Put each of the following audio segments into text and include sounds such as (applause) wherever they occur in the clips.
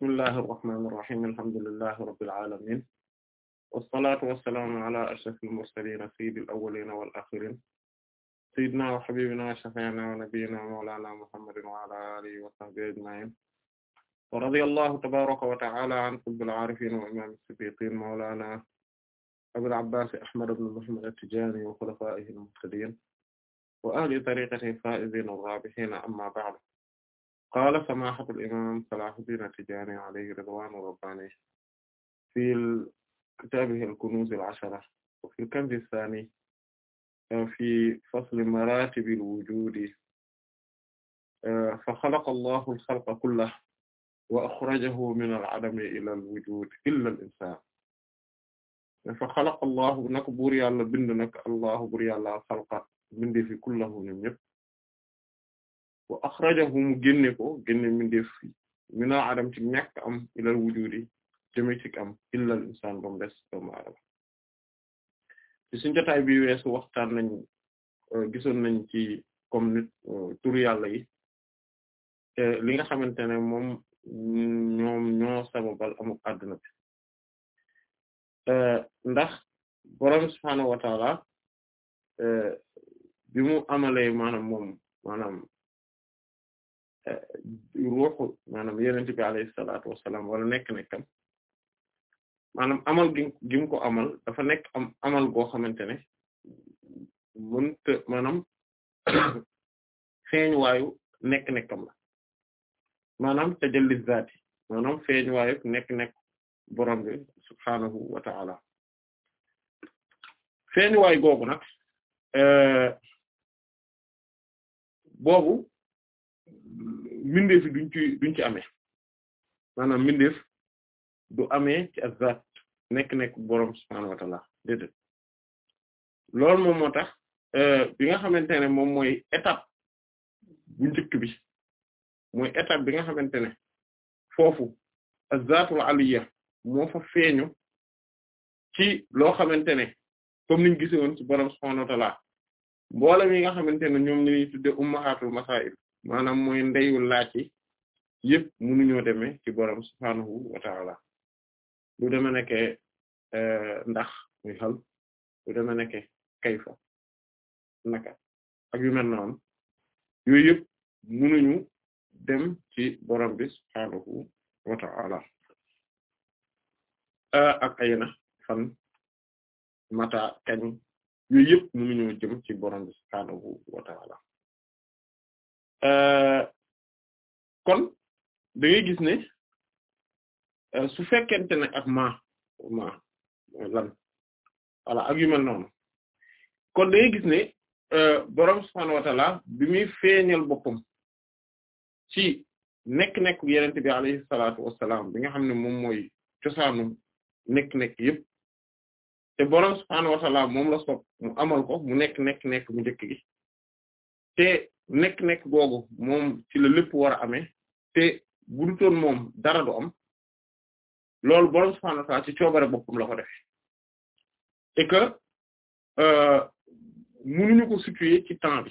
bismillahi irrahmani irrahim alhamdulillahi rabbil alamin wassalatu wassalaamu ala ashrafil mursalin sayyidil awwalin wal akhirin sayyidina wa habibina wa shafi'ina wa nabiyyina mawlana muhammadin wa ala alihi wa sahbihi ajma'in wa radiyallahu tabaraka wa ta'ala an qutbil arifin wa imam as-siddiqin mawlana abil abbas ahmad ibn muhammad at-tijani wa khulafa'ihil muhtadin wa ahli tariqatihi fa'izin ar-rabihin amma ba'd qaala samaahatul imaam Salaahuddin At-Tijaani alayhi ridwaanu rabbaani fi kitaabihi al-Kunuuz al-Ashara wa fi al-kanz ath-thaani fi fasli maraatibil wujuudi fa xalaqa Allahu al-xalqa kullahu wa axrajahu minal adami ilal wujuud illal insaan fa xalaqa Allahu nag buur yàlla bind nag Allahu buur yàlla al-xalqa bindi fi kullahu ñoom ñëpp. wa axrajahu mu génne ko génne mindeef mina adam ci ñàkk am ilal wujudi jëme ci am illal insaan ba mu des doomu aadama ci suñ jotaay bi weesu waxtaan nañ euh, gisoon nañ ci comme nit euh, turu yàlla yi li nga xamante ne moom ñoom ñoo sababal amuk àdduna bi euh, ndax borom subhaanahu wa taala bi mu amalee maanaam moom maanaam ruuxu maanaam yonent bi alayhi salaatu wala nekk nekkam maanaam amal gi ko amal dafa nekk am amal goo xamante ne mënta maanaam (coughs) feeñ waayu nekk nekkam la maanaam tajalli zaati maanaam feeñ waayu nekk nekk borom bi subhaanahu wa ta'ala feeñ waayu googu nag eh, boobu mbindeef yi duñ ci duñ ci amee maanaam mbindeef du amee ci azat nekk-nekk boroom subhaanahu wa ta'ala tax euh, bi nga xamante ne moom mooy étape bu njëkk bi mooy étape bi nga xamante ne foofu azatul aliya moo fa feeñu ci loo xamante ne comme niñ gise woon ci boroom subhaanahu wa ta'ala mboolem yi nga xamante ne ñoom ñuy tudde ummahatul masail maanaam moy ndeyu laaj yi yëpp mënuñoo demee ci borom subhaanahu wa ta'ala lu dama nekkee eh, ndax muy xal lu dama nekkee kayfa naka ak yu mel noonu yooyu yëpp dem ci borom bi subhaanahu wa ta'ala ak ayna fan mata kañ yooyu yëpp mënuñoo jëm ci borom bi subhaanahu wa ta'ala Euh, kon da ngay gis ne euh, su fekkente ne ak ma ma lan voilà ak yu noonu kon da ngay gis ne euh, borom subhaanahu wa ta'ala bi muy feeñal boppam ci nekk-nekk yenente bi alayhi salaatu wassalaam bi nga xam ne moom mooy cosaanu nekk-nekk yëpp te borom subhaanahu wa ta'ala la sopp mu amal ko mu nekk nekk nekk mu njëkk gi nekk-nekk googu moom ci la lépp war a amee te bu dutoon moom dara du am loolu boroom subhaanahu wa ta'aala ci coobare boppam la ko defee et que euh, mënuñu ko situer ci temps bi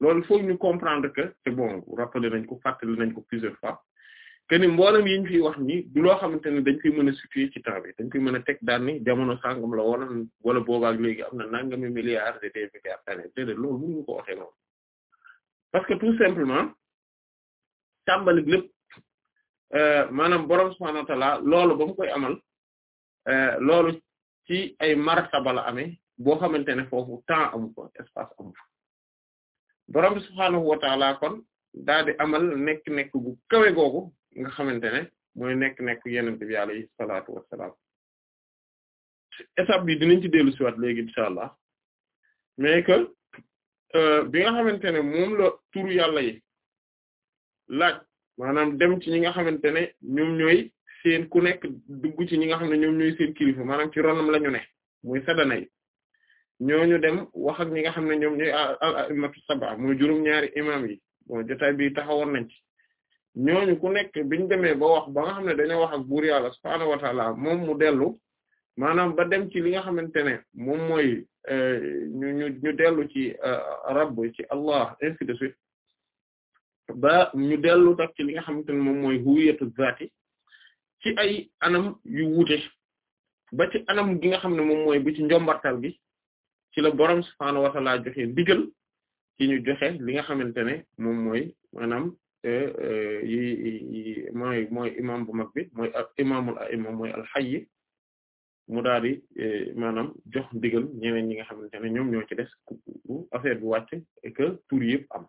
loolu foog ñu comprendre que c'est bon rappelé nañ ko fàttali nañ ko plusieurs fois que ni mboolem yi wax ni du loo xamante ne dañ koy mën a situer ci temps dañ koy mën a teg daan ni jamono sangam la wala wala boobaak léegi am na nangami milliards de milliards d'années déedéet loolu mënuñu ko waxee parce que tout simplement tàmbalik lépp euh, maanaam borom subhaanahu wa ta'aala loolu ba mu amal euh, loolu ci ay martaba la amee boo xamante ne foofu temps amu ko espace amu ko borom subhaanahu kon daa di amal nekk-nekk gu kawe googu nga xamante ne mooy nekk-nekk yenent bi alayhi salaatu wassalaam étape bi dinañ ci dellu siwaat léegi allah mais Euh, bi nga xamante ne moom la turu yàlla yi laaj maanaam dem ci ñi nga xamante ne ñoom ñooy seen ku nekk dugg ci ñi nga xam ne ñoom ñooy seen kilifa maanaam ci ronam la ñu ne muy sadana ñooñu dem wax ak ñi nga xam ne ñoom ñooy al a'immatu sab'a muy juróom-ñaari imam yi bon jotaay bi taxawoon nañ ci ñooñu ku nekk biñ demee ba wax ba nga xam ne dañoo wax ak buur yàlla subhaanahu wa ta'ala moom mu dellu maanaam ba dem ci li nga xamante ne moom mooy euh, ñu ñu ñu dellu ci euh, rabb ci allah ainsi ba ñu dellu tax ci li nga xamante ne moom mooy huwiyatu zaati ci ay anam yu wuute ba ci anam gi nga xam ne moom mooy bi ci njombartal gi ci la borom subhaanahu wa ta'ala joxe digal ci ñu joxe li nga xamante ne moom mooy maanaam euh, yi mooy mooy imam bu mag bi mooy imamul a'imma mooy alxayyi mu daal di eh, maanaam jox ndigal ñeneen ñi nga xamante ne ñoom ñoo des affaire bi wàcc et que tur yëpp am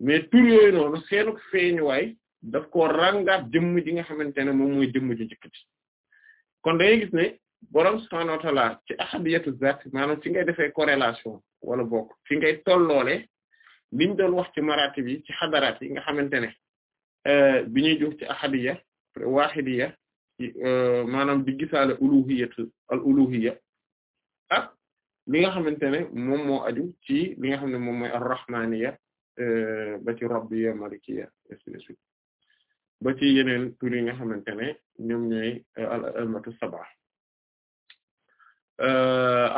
mais tur yooyu noonu seenu feeñuwaay daf ko rangaat jëmm ji nga xamante ne moom mooy jëmm ji njëkk kon da ngay gis ne borom subhaanahu wa ta'aala ci ahadiyatu zaat fi ngay defee corrélation wala bokk fi ngay tolloole liñ doon wax ci maratib yi ci xadaraat yi nga xamante ne eh, bi ñuy jox ci ahadiya waahidiya Euh, maanaam di gisaale uluhiyyatu al uluhiyya ak li nga xamante ne moom moo aju ci li nga xam ne moom mooy ar-rahmaniyya euh, ba ci rabbiyya malikiyya ainsi ba ci yeneen tur nga xamante ne ñoom ñooy euh, al a'immatu sab'a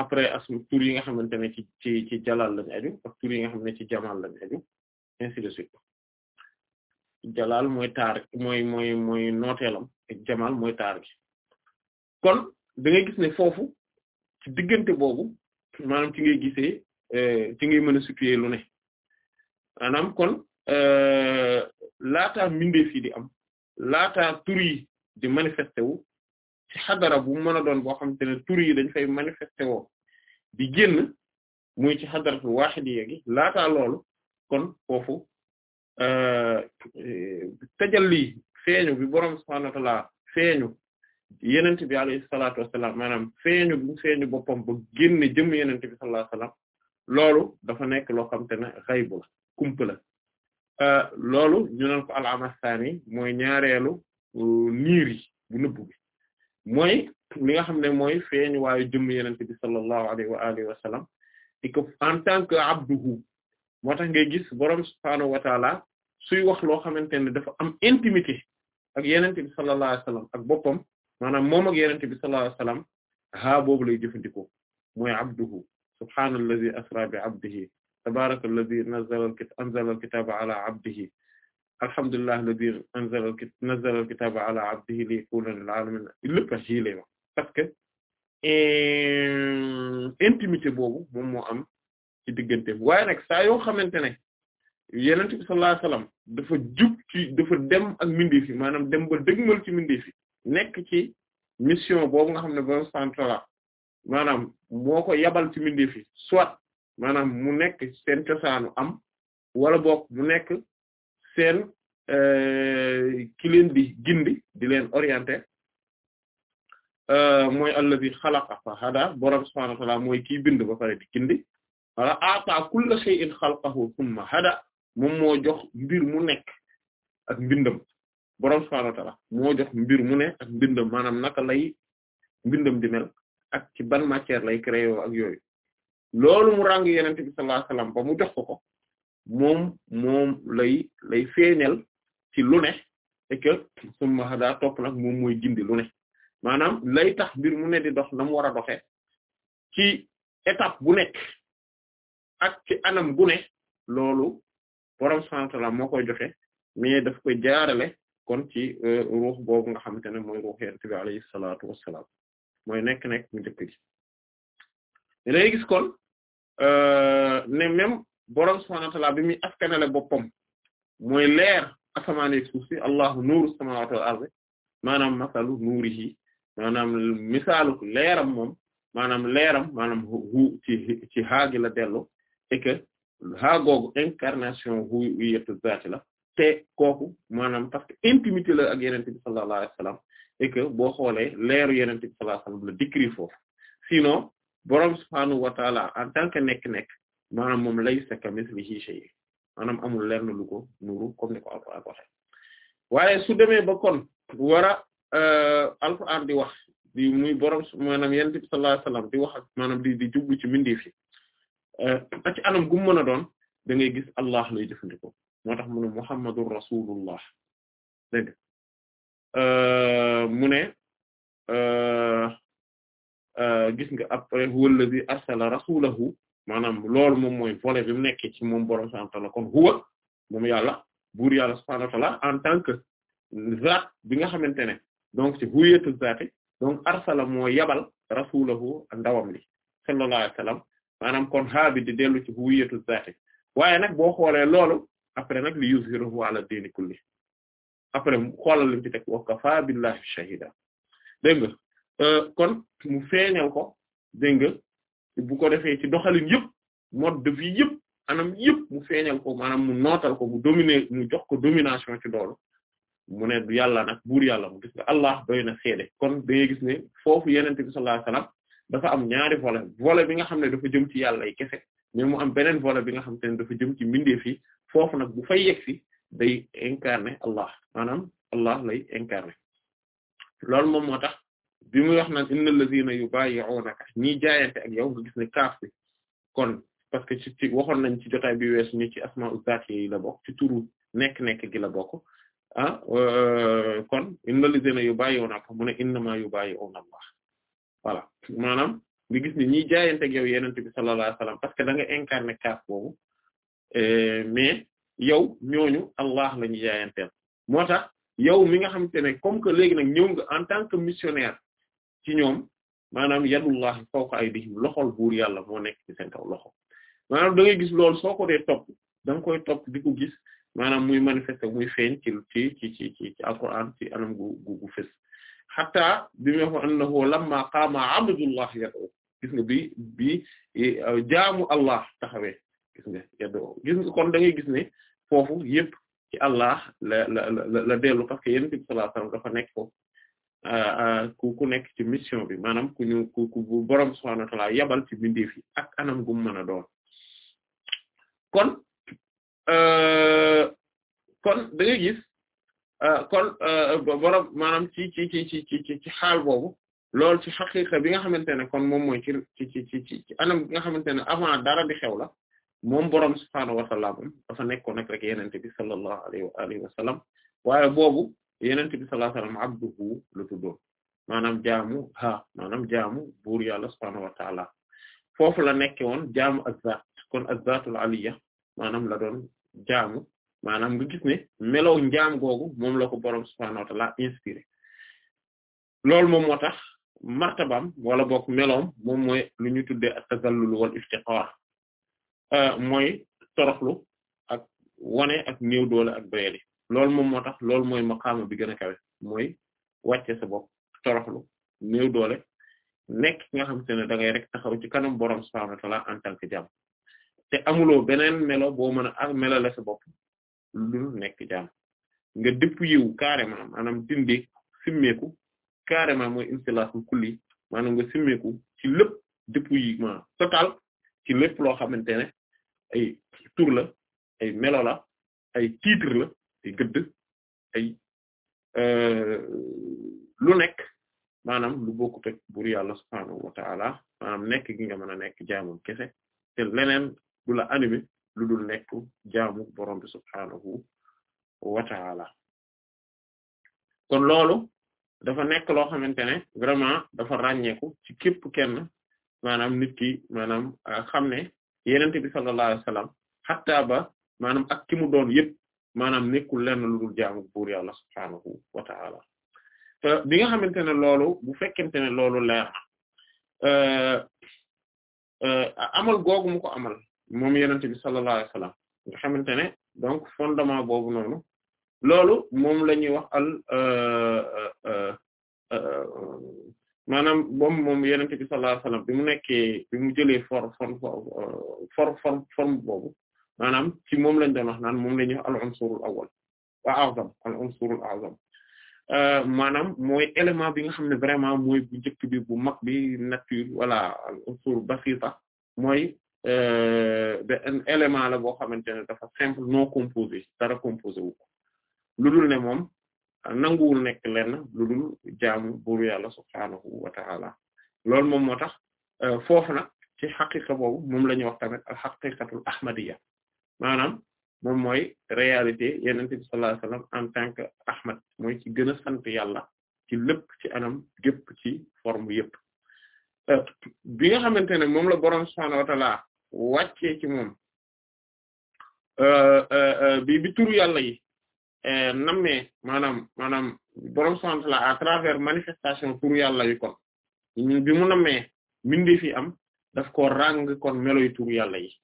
après as tur yi nga xamante ne ci ci ci jalal lañ aju ak tur nga xam ne ci jamal lañ aju ainsi de suite jalal mooy taar mooy mooy mooy nooteelam ak jamal mooy kon da ngay gis foofu ci diggante boobu maanaam ci ngay gisee euh, ci ngay mën a situer lu ne maanaam kon euh, laataa mbindeef yi di am laataa tur yi di ci xadara bu mën a doon boo xamante ne tur yi dañ fay manifesté di génn muy ci xadara bu waaxidiyya gi laataa loolu kon foofu euh, tajalli feeñu bi borom subhaanahu wa ta'aala feeñu yenent bi alayhi salaatu wassalaam maanaam feeñu bi mu feeñu boppam ba génne jëm yenent bi sallallahu alayhi wasallam dafa nekk loo xam te ne xaybu la kumpa la euh, loolu ñu naan ko al-amasaani mooy ñaareelu euh, niir yi bi mooy li nga xam ne mooy feeñu waayu jëm yenent bi sallallahu alayhi wa alihi wa en tant que abduhu moo tax ngay gis borom subhaanahu suy wax loo xamante ne dafa am intimité ak yenente bi sallallahu alayhi wasallam ak boppam maanaam moom ak yenente bi sallallahu alayhi haa boobu lay jëfandikoo mooy abduhu subhaanallazi asra bi abdihi tabaarakallazi nazzala anzala alkitaba ala abdihi alhamdulillahi allazi anzala ala abdihi liyakuna lil alamin lépp a jilé ma parce que euh, intimité boobu moom moo am ci digganteem waaye nag saa yoo xamante ne yenent bi sallallahu alayhi wasallam dafa jub ci dem ak mindeef maanaam dem ba dëgmal ci mindeef nekk ci mission boobu nga xam ne borom santola maanaam moo ko yabal ci mindeef yi soit maanaam mu nekk seen cosaanu am wala book mu nekk seen euh, ki di gindi di leen orienter euh, mooy allazi xalaqa fa hada borom subhanahu wa mooy kiy bind ba pare gindi wala ata kulla shay'in xalqahu thumma hada moom moo jox mbir mu nekk ak mbindam borom subhaanahu wa ta'ala moo jox mbir mu ne ak mbindam maanaam naka lay mbindam di ak ci ban matière lay créé ak yooyu loolu mu ràng yenente bi sallallahu alayhi wasallam ba mu jox ko ko moom moom lay lay feeñal ci lu ne et que summa hada topp nag moom mooy maanaam lay tax mbir mu ne di dox na mu war a doxee ci étape bu nekk ak ci anam gu loolu borom subhaanahu wa moo koy joxe mais daf koy jaarale kon ci euh, ruux boobu nga xamante ne mooy ruux yonent bi alayhi salaatu mooy nekk-nekk mu njëkk gi kon euh, ne même borom subhaanahu wa ta'aala bi muy askanale boppam leer asamaan ak suuf si allahu nuuru samaawaati wal ardi maanaam masalu nuurihi maanaam misaalu leeram moom maanaam leeram maanaam hu ci dellu et haa googu incarnation wu wu yettu zaati la te kooku maanaam parce que la ak yenente bi sallallahu alayhi wasallam et que boo xoolee leeru yenente bi sallallahu alayhi wasallam la décrit foofu sinon boroom subhaanahu wa taala en tant que nekk-nekk maanaam moom laysa kamithlihi shay maanaam amul leer na lu ko nuru comme ni ko alxuraan waxe waaye su demee ba kon war a euh, alxuraan di wax di muy boroom maanaam yenente bi sallallahu alayhi wasallam di wax ak maanaam di di jublu ci mbindeef yi Euh, ak ci anam gum mën a doon da ngay gis allah lay jëfandikoo moo tax mu ne muhammadur rasulullah dégg euh, euh, gis nga après huwa alladhi arsala rasulahu maanaam lool moom mooy volet bi mu nekkee ci moom borom subhanahu wa ta'ala kon huwa moom yàlla buur yàlla subhanahu wa ta'ala en tant zaat bi nga xamante ne donc ci huwiyatu zaati donc arsala moo yabal rasulahu ndawam li sallallahu alayhi maanaam kon xaabi di dellu ci huwiyatu zaati waaye nag boo xoolee loolu après nag li yuzhiruhu ala diini kulli après xoolal lim ci teg wa kafaa billahi shahida dégg euh, kon mu feeñal ko dégg ko defee ci doxalin yëpp mode de vie yëpp anam yëpp mu feeñal ko maanaam mu nootal ko mu dominer mu jox ko domination ci loolu mu ne du yàlla nag buur yàlla mu gis nga Allah doy na seede kon da gis ne foofu yonent bi sallallahu alayhi dafa am ñaari volet volet bi nga xam ne dafa jëm ci yàlla yi kese mais mu am beneen volet bi nga xam te ne dafa jëm ci mbindeef yi foofu nag bu fay yegsi day incarner Allah maanaam Allah lay incarner loolu moom moo tax bi mu wax naan innal la yubayyi'unaka ñiy jaayante ak yow nga gis ne kaaf bi kon parce que ci waxoon nañ ci jotaay bi weesu ni ci asma'u zaati yi la bokk ci turu nekk-nekk gi la bokk ah euh, kon innal lazina yubayyi'unaka mu ne innamaa yubayyi'una Allah voilà maanaam nga gis ni ñiy jaayanteeg yow yenente bi sallallahu alayhi wasallam parce que da nga incarné kaaf boobu eh, mais yow ñooñu Allah la ñuy jaayanteel moo tax yow mi nga xamante ne comme que léegi nag ñëw nga en tant que missionnaire ci ñoom maanaam yadullahi fawqa aydihim loxol buur yàlla moo nekk loxo maanaam da ngay ko dee da koy topp di ko gis maanaam muy manifester muy feeñ ci ci ci ci ci ci anam gu gu gu hatta bi mu waxoon annahu lamma qaama abdullah yad'u gis nga bi bi e, jaamu allah taxawee gis nga yad'u gis nga kon da ngay gis ne foofu yëpp ci allah la la la la dellu parce que yonent bi sallallahu alayhi nekk ku ku ci mission bi maanaam ku ñu ku borom subhaanahu yabal ci bindeef ak anam gu mu mën a doon kon euh, kon da ngay Euh, kon euh, borom ci ci ci ci ci ci xaal boobu loolu ci xaqiqa bi nga xamante ne kon moom mooy ci ci anam bi nga xamante ne avant dara di xew la moom borom subhaanahu wa ta'ala dafa nekkoon nag rek yonent bi sallallahu alayhi wa alihi wa sallam waaye boobu yonent bi sallallahu alayhi maanaam jaamu ha maanaam jaamu buur yàlla subhaanahu wa ta'ala foofu la nekke woon jaamu azzaat kon azzaatul aliyya maanaam la doon jaamu maanaam nga gis ne melow njaam googu moom la borom subhaanahu wa ta'ala inspiré loolu moom moo tax martabam wala boog meloom moom mooy lu ñu tuddee at-tazallul wal iftiqaar euh, mooy toroxlu ak wane ak néew doole ak doyadi loolu moom moo tax loolu mooy maqaama bi gën a kawe mooy wàcce sa bopp toroxlu néew doole nekk nga xam te ne da ngay rek taxaw ci kanam borom subhaanahu wa ta'ala que jàmm te amuloo beneen melo boo mën a melale sa bopp lu nekk jaam nga dëpp yiwu carrément maanaam dindi simmeeku carrément mooy installation kulli maanaam nga simmeeku ci lépp dépouillement total ci lépp loo xamante ne ay tur la ay melo la ay titre la ay gëdd ay euh, lu nekk maanaam lu bokkut ak bur yàlla subhaanahu wa ta'ala maanaam nekk gi nga mën a nekk jaamam kese te leneen du la animé lu dul nekk jaamu borom bi subhaanahu wa kon loolu dafa nekk loo xamante ne vraiment dafa ràññeeku ci képp kenn maanaam nit ki maanaam euh, xam ne yenent bi sallallahu alayhi wasallam maanaam ak ki mu doon yëpp maanaam nekkul lenn lu dul jaamu buur yàlla subhaanahu wa ta'ala te euh, bi nga xamante ne loolu bu fekkente ne loolu leer euh, amal googu mu amal moom yenente bi sallallahu alayhi wasallam nga xamante ne donc fondement boobu noonu loolu moom la ñuy wax al euh, euh, euh, maanaam boobu moom yenente bi sallallahu alayhi wasallam bi mu nekkee bi mu jëlee for forme forme forme boobu maanaam ci moom lañ doon wax naan moom la ñuy wax al unsurul awwal wa a'zam al unsurul a'zam maanaam mooy élément bi nga xam ne vraiment mooy bu njëkk bi bu mag bi nature wala al unsur basita mooy Euh, benn élément la boo xamante ne dafa simple non composé dara composé wu lu dul ne moom nanguwul nekk lenn lu dul jaamu buuru yàlla subhaanahu wa ta'ala loolu moom moo tax euh, foofu nag ci xaqiqa boobu moom la ñuy wax tamit al xaqiqatul ahmadiyya maanaam moom mooy réalité yenente bi sallallahu alayhi en tant que ahmad mooy ci gën sant yàlla ci lépp ci anam gépp ci forme yépp euh, bi nga xamante ne moom la boroom subhaanahu wa wàccee ci moom euh, euh, euh, bi bi yàlla yi nam ne maanaam maanaam borom sant la à travers manifestation turu yàlla yi kon bi mu nammee mbindee fi am daf ko ràng kon meloy turu yàlla yi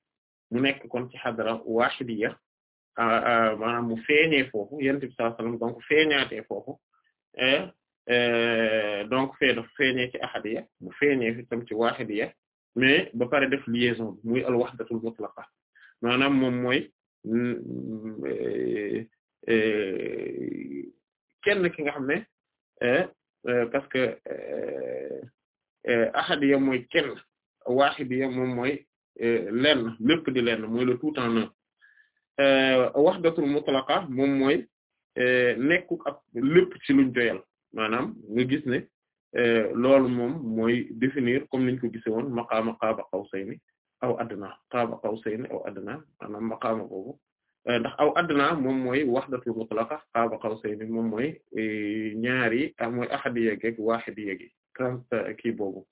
mu nekk kon ci xadara wahidiya maanaam mu feeñee foofu yonent bi sallallahu alayhi wasallam donc feeñaatee donc fee dafa feeñee ci ahadiya mu feeñee fi tam ci wahidiya mais ba pare def liaison muy al wahdatul mutlaqa maanaam moom mooy mm, eh, eh, kenn ki nga xam ne eh, parce que ahadiya mooy kenn wahidiya moom mooy lenn lépp di lenn mooy le tout en un wahdatul mutlaqa moom mooy nekkuk ab lépp ci luñ joyal maanaam nga gis ne Euh, loolu moom mooy définir comme niñ ko gise woon maqaama qaaba qawsayni aw adna qaaba qawsayni aw adna maanaam maqaama boobu euh, ndax aw adna moom mooy wahdatul mutlaqa qaaba qawsayni moom mooy eh, ñaari ah, mooy ahadiyya ak waahidiyya gi trans euh, kii boobu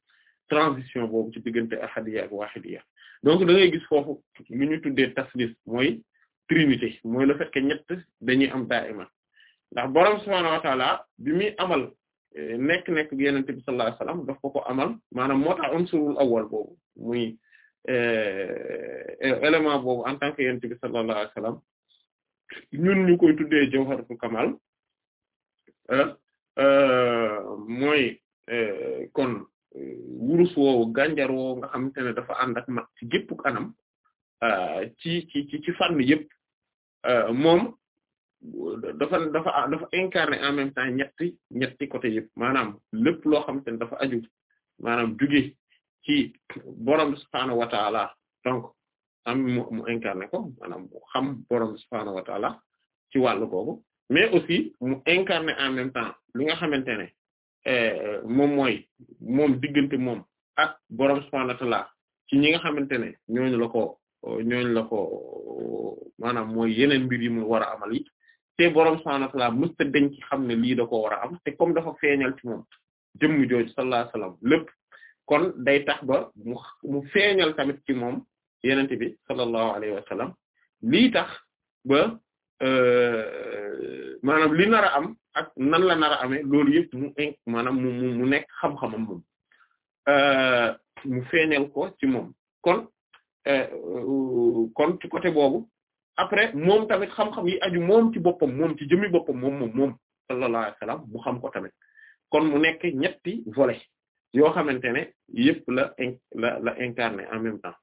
transition boobu ci diggante ahadiyya ak waahidiyya donc da ngay gis foofu lu ñu tuddee taslis mooy trinité mooy le ñett dañuy am daa'ima ndax borom subhaanahu wa ta'aala amal nekk-nekk bi yenente bi sallallahu alayhi daf ko ko amal maanaam moo tax unsurul awwal boobu muy euh, élément boobu en tant que yenente bi sallallahu alayhi wasallam ñun ñu koy tuddee jawharatul kamal euh, mooy euh, kon wurus woowu gànjar woowu nga xamante ne dafa ànd ak mat ci gépp anam ci ci ci ci fànn yëpp moom dafa dafa dafa incarné en même temps ñetti ñetti côté yëpp maanaam lépp loo xamante ne dafa aju maanaam juge ci borom subhaanahu wa donc mu mu ko maanaam xam borom subhaanahu wa taala ci wàllu googu mais aussi mu incarné en même temps li nga xamante ne euh, moom mooy moom diggante moom a borom subhaanahu wa ci ñi nga xamante ne ñooñu la ko ñooñu la ko maanaam mooy yeneen mbir yi mu war a amal yi te borom subhaanahu wa ta'aala mësta dañ ci xam ne lii da ko war a am te comme dafa feeñal ci moom jëmm jooju sallallahu alayhi wa sallam day tax ba mu feeñal tamit ci moom yenente bi sallallahu lii tax ba euh, maanaam li nar a am ak nan la nar a amee loolu yëpp mu in maanaam mu nekk xam-xamam moom euh, mu feeñal ko ci moom kon euh, kon ci côté boobu après moom tamit xam-xam yi aju moom ci boppam moom ci jëmmi boppam moom moom moom sallallahu alayhi mu xam ko tamit kon mu nekk ñetti volets yoo xamante ne yëpp la la la incarné en même temps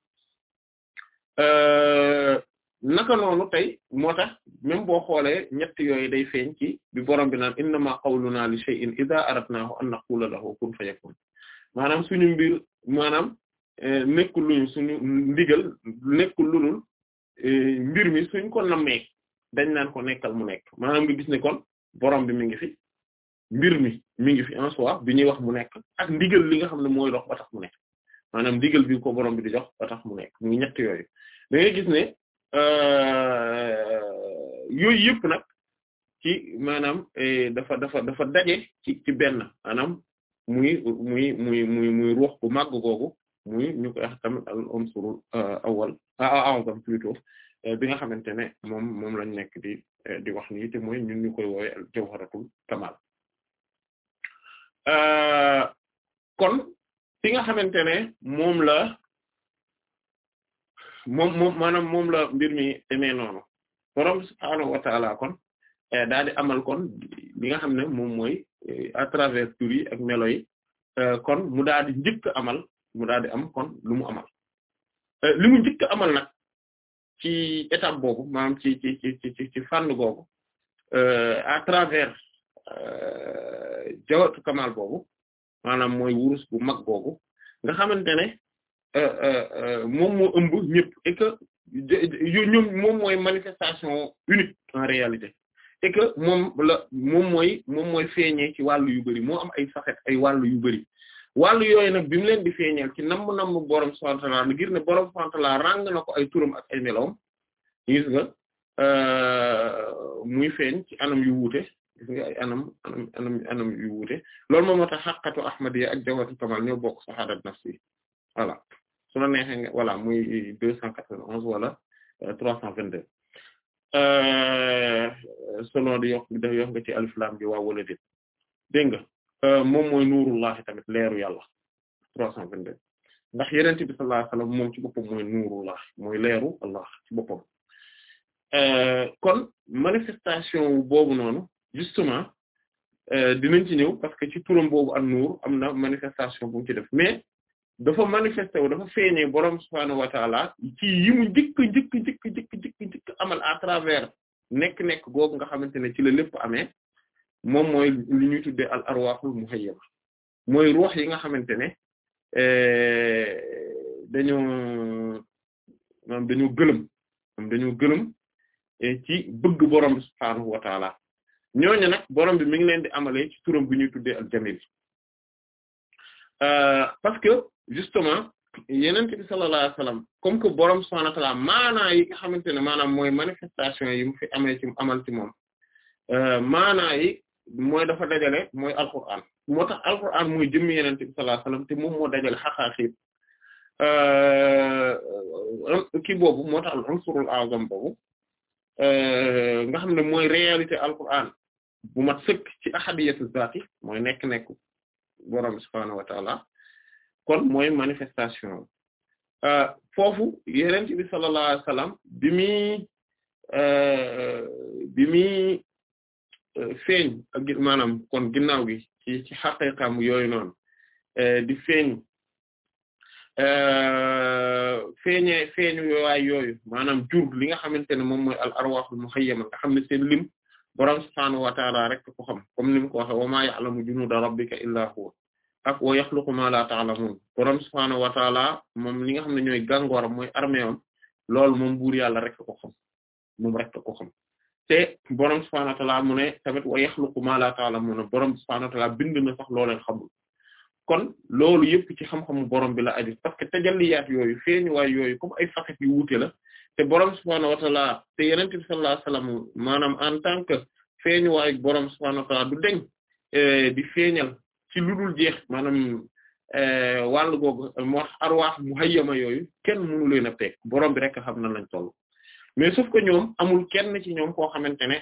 euh, naka noonu tey moo tax même boo xoolee ñett yooyu day feeñ ci bi borom bi naan innama qawluna li shay'in idha aradnahu an naqula lahu kun fayakun maanaam suñu mbir maanaam euh, nekkul luñu suñu ndigal nekkul lulul Eh, mbir mi suñ ko nammee dañ naan ko nekkal mu nekk maanaam nga gis ne kon borom bi mi ngi fi mbir mi mi ngi fi en soi bi ñuy wax mu nekk ak ndigal li nga xam ne mooy dox ba tax mu nekk maanaam ndigal bi ko borom bi di jox ba tax mu nekk muy ñett yooyu da ngay gis ne euh, yooyu yëpp nag ci maanaam eh, dafa dafa dafa daje ci ci benn maanaam muy muy muy muy muy ruux bu màgg googu muy ñu koy wax tamit al unsurul euh, awal a'zam plutôt euh, bi nga xamante ne moom moom lañ nekk di euh, di wax nii te mooy ñun ñu koy woowe al jawharatul kamal kon fi nga xamante ne moom la moom moom maanaam moom la mbir mi demee noonu borom subhaanahu wa ta'ala kon daal di amal kon li nga xam ne moom mooy à travers tur ak melo yi kon mu daal di njëkk amal mu daal di am kon lu mu amal euh, li mu njëkk amal nag ci étape boobu maanaam ci ci ci ci ci fànn googu a euh, travers euh, jawatu kamal boobu maanaam mooy wurus bu mag googu nga xamante ne moom moo ëmb ñëpp et que ñoom moom mooy manifestation unique en réalité et que moom la moom mooy moom ci wàllu yu bari moo am ay facettes ay wàllu yu bari wàllu yooyu nag bi mu leen di feeñal ci namm namm borom subhaanahu wa ta'aala ngir na ko ay turam ak ay melawam gis nga euh, muy feeñ ci anam yu wuute gis nga ay anam anam anam anam yu wuute loolu moom moo ñoo bokk sahadat nafsi voilà su la neexee nga voilà muy deux cent quatre-vingt-onze wala euh, trois cent vingt-deux euh, selon di yokk def yokk nga ci alif lam bi waaw wala déet Euh, moom mooy nuurullahi tamit leeru yàlla 322 ndax yenente bi sallallahu alayhi wasallam moom ci boppam mooy nuurullahi mooy leeru allah ci boppam euh, kon manifestation boobu noonu justement euh, dinañ ci ñëw parce que ci turam boobu ak nuur am na manifestation bu mu ci def mais dafa manifesté wu dafa feeñee borom subhaanahu wa taala ci yi mu njëkk njëkk njëkk amal à travers nekk-nekk googu nga xamante ne ci la lépp amee moom mooy li ñuy tuddee al arwaaxul muhayyama mooy ruux nga xamante ne eh, dañoo maanaam dañoo gëlëm maanaam dañoo gëlëm eh, ci bëgg borom bi subhaanahu wa borom bi mi ngi leen di amale ci turam bi ñuy tuddee al jamil euh, parce que justement yeneen bi sallallahu alayhi wa borom subhaanahu wa yi nga xamante ne maanaam mooy manifestation yi mu fi amee ci amal ci euh, yi mooy dafa dajale mooy alquran moo tax alquran mooy jëmmi yeneen bi sallallahu alayhi wasallam te dajale xaqaaxib euh, kii boobu moo tax unsurul azam euh, nga xam ne mooy réalité alquran bu mat sëkk ci ahadiyatu zaati mooy nekk-nekk borom subhaanahu wa kon mooy manifestation euh, foofu yeneen bi sallallahu alayhi wasallam bi feeñ ak maanaam kon ginnaaw gi ci yooyu noonu e, di feeñ e, feeñee feeñu waay yooyu maanaam jur li nga xamante ne moom mooy al arwaaxul muhayyama nga xam ne seen lim borom subhaanahu wa ta'aala rek ko xam comme ni mu ko waxe wa maa ya'lamu junuuda rabbika illaa huwa ak wa yaxluqu maa laa ta'lamuun borom subhaanahu wa ta'aala moom li nga xam ne ñooy gàngooram mooy armée am loolu moom buur yàlla rek ko xam rek ko te borom subhaanahu wa mune mu ne tamit wa yaxluqu maa laa ta'lamuun borom subhaanahu wa ta'aala bind na sax loo leen kon loolu yëpp ci xam-xamu borom bi la aju parce que tajalliyaat yooyu feeñu waay yooyu comme ay facettes yu wuute la te borom subhaanahu wa ta'aala te yonent bi sallallaahu alayhi maanaam en tant que feeñu waay borom subhaanahu wa ta'aala du deñ eh, di feeñal ci lu dul jeex maanaam eh, wàll googu moo arwaax muhayyama yooyu kenn mënu leen a peeg borom rek xam na lañ toll. mais sauf que ñoom amul kenn ci ñoom koo xamante ne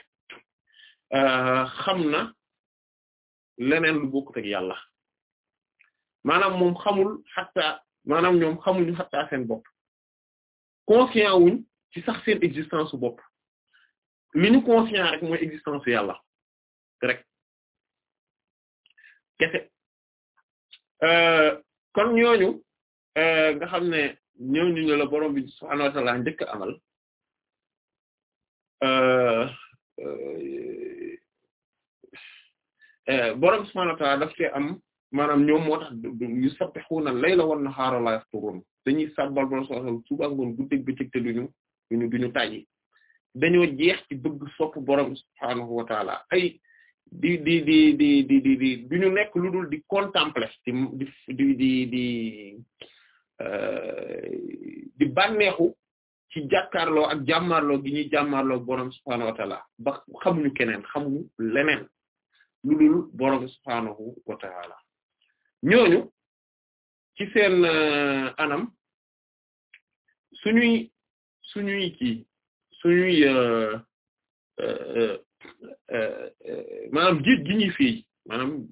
euh, xam na leneen lu bokkut ak yàlla maanaam moom xamul xatta maanaam ñoom xamuñu xatta seen bopp conscient wuñ ci sax seen existence su bopp li ñu conscient rek mooy existence su yàlla rek kese euh, kon ñooñu euh, nga xam ne ñooñu la borom bi subhaanahu amal borom subhaanahu wa ta'aala daf cee am maanaam ñoom moo tax yusabbihuuna al-layla wan-nahaara laa yafturuun dañuy sabbal borom ñu suba ngoon tàyyi dañoo jeex ci bëgg sopp borom subhaanahu wa ay di di di di di di di nekk lu dul di contempler di di di di di di ci ak jàmmarloo gi ñuy jàmmarloo borom subhaanahu wa ta'ala ba xamuñu keneen xamuñu leneen lu dul borom subhaanahu wa ta'ala ci seen euh, anam suñuy suñuy kii suñuy euh, euh, maanaam géej gi ñuy fiy maanaam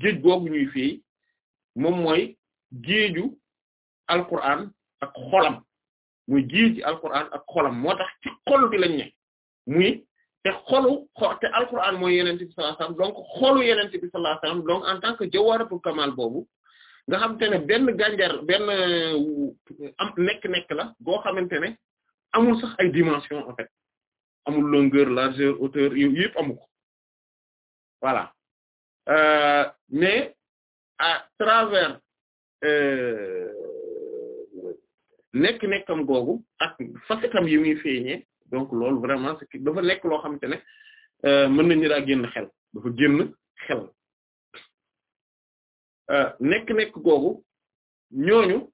géej googu ñuy fiy moom mooy géeju Alquran ak xolam. muy géej gi alquran ak xolam moo tax ci xol bi muy te xolu xo te alquran mooy yeneen bi donc bi sallallahu alayhi donc en tant que jawharatul kamal boobu nga xamante ne benn gànjar benn euh, am nekk la boo xamante ne amul sax ay dimension en fait amul longueur largeur hauteur yooyu yëpp amu ko voilà euh, mais à travers. Euh, nekk-nekkam googu ak facetam yi muy feeñee donc loolu vraiment c'est dafa nekk loo xamante ne euh, mën nañu daa génn xel dafa génn xel euh, nekk-nekk googu ñooñu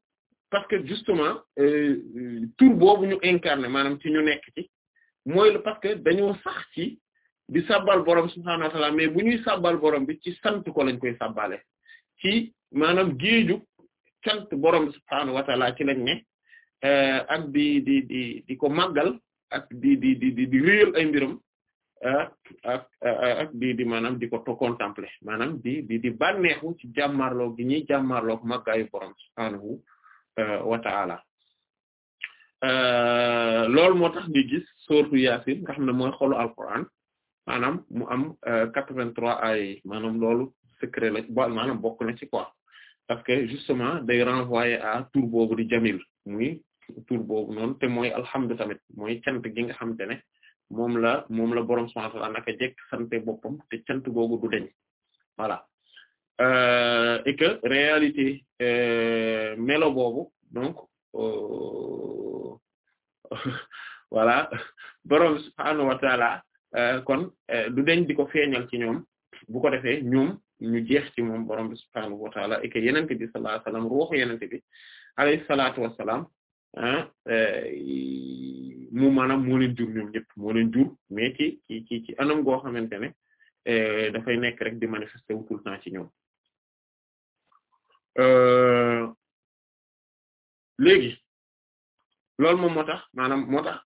parce que justement euh, tur boobu ñu incarné maanaam ci ñu nekk ci mooy parce que dañoo sax ci di sabbal borom subhaanahu wa ta'aala mais bu ñuy sabbal borom bi ci sant ko lañ koy sabbale ci maanaam géeju sant borom subhaanahu wa ta'aala ci lañ ne Eh, ak di di di di ko màggal ak di di di di réel ay mbiram ah, ak eh, ak di di maanaam di ko to contempler maanaam di di di bànneexu ci jàmmarloo gi ñuy jàmmarloo màggaayu borom subhaanahu eh, wa ta'ala loolu moo tax nga gis sourate Yaasin nga xam ne mooy xolu Alquran maanaam mu am quatre-vingt-trois ay maanaam loolu secret la maanaam bokk na ci quoi parce que justement day renvoyer à tur boobu di Jamil muy tur boobu noonu te mooy alhamdu tamit mooy cant gi nga xam ne moom la moom la borom subhanahu wa ta'ala naka jekk voilà euh, et que euh, melo boobu donc euh, (laughs) voilà borom subhanahu wa ta'ala kon du deñ di ko feeñal ci ñoom bu ko defee ñoom jeex ci moom borom bi subhaanahu wa ta'ala et que yenente bi sallallahu alayhi wa sallam bi alayhi salaatu wa Euh, mu maanaam moo leen jur ñoom ñëpp moo leen jur mais ci ci ci xamante ne euh, dafay nekk rek di manifester wu tout ci ñoom euh, léegi loolu moom moo tax maanaam moo tax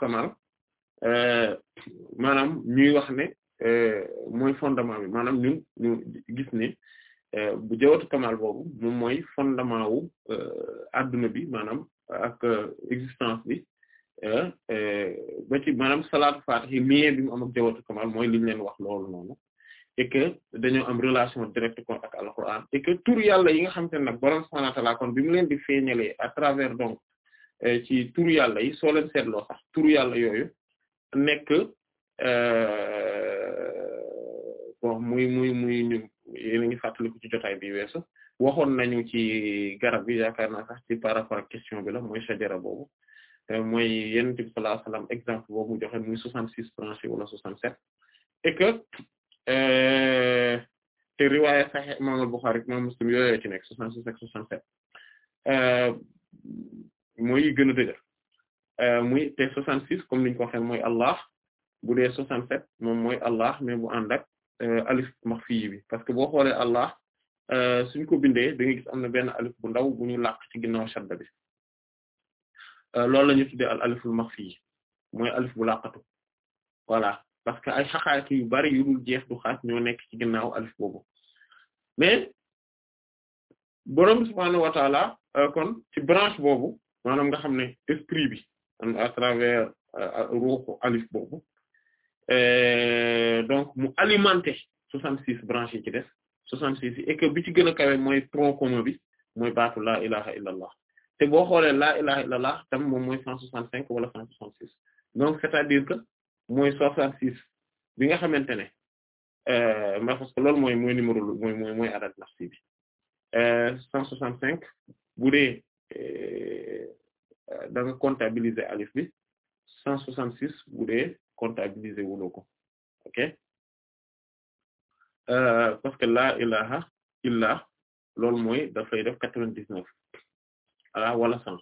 kamal maanaam ñuy wax ne mooy fondement bi maanaam gis ne Euh, bu jawatu kamal boobu moom mooy fondement wu euh, adduna bi maanaam ak euh, existence bi ba ci maanaam salaatu faatihi lien bi am ak jawatu kamal mooy liñ leen wax loolu noonu et dañoo am relation directe kon ak alquran et tur yàlla yi nga xamante ne nag borom subhaanahu wa ta'aala kon bi mu leen di feeñalee à travers donc ci tur yàlla yi soo leen seetloo sax tur yàlla yooyu nekk bon muy muy muy yéen a ngi fàttaliku ci jotaay bi weesu waxoon nañu ci garab bi yaakaar sax ci par rapport a question bi la mooy sajara boobu euh, mooy yonent bi sallallahu alayhi exemple boobu mu joxe muy 66 branches wala 67 et que euh, te riwaaya euh, a dëgër muy te 66 comme niñ ko waxee mooy Allah bu dee 67 moom mooy Allah mais bu ànd Euh, alif maxfiyi bi parce que boo xoolee allah euh, suñ ko bindee da nga am na benn alif bu ndaw bu ñu làq ci ginnaaw shadda bi euh, loolu la ñu tuddee al aliful maxfiyi mooy alif bu làqatu voilà parce que ay xaqaati yu bari yu dul jeex du xaaj ñoo nekk ci ginnaaw alif boobu mais boroom subhaanahu wa taala kon ci branche boobu maanaam nga xam ne esprit bi à travers ruuxu alif boobu Euh, donc mu alimenté soixante six branches yi soixante six yi et que bi ci gën a kawe mooy tronc commun bi mooy baatu laa ilaha illa te boo xoolee laa ilaha illa allah tam moom mooy cent soixante cinq wala cent soixante six donc c'est-à-dire que mooy soixante six bi nga xamante ne euh, ma parce que loolu mooy moy numéro mooy mooy mooy adad nafsi bi euh, cent soixante cinq bu dee da alif bi cent soixante six bu comptabiliser wuloo ko ok euh, parce que laa ilaha illa loolu mooy dafay def quatre-vingt-dix-neuf ala wala cent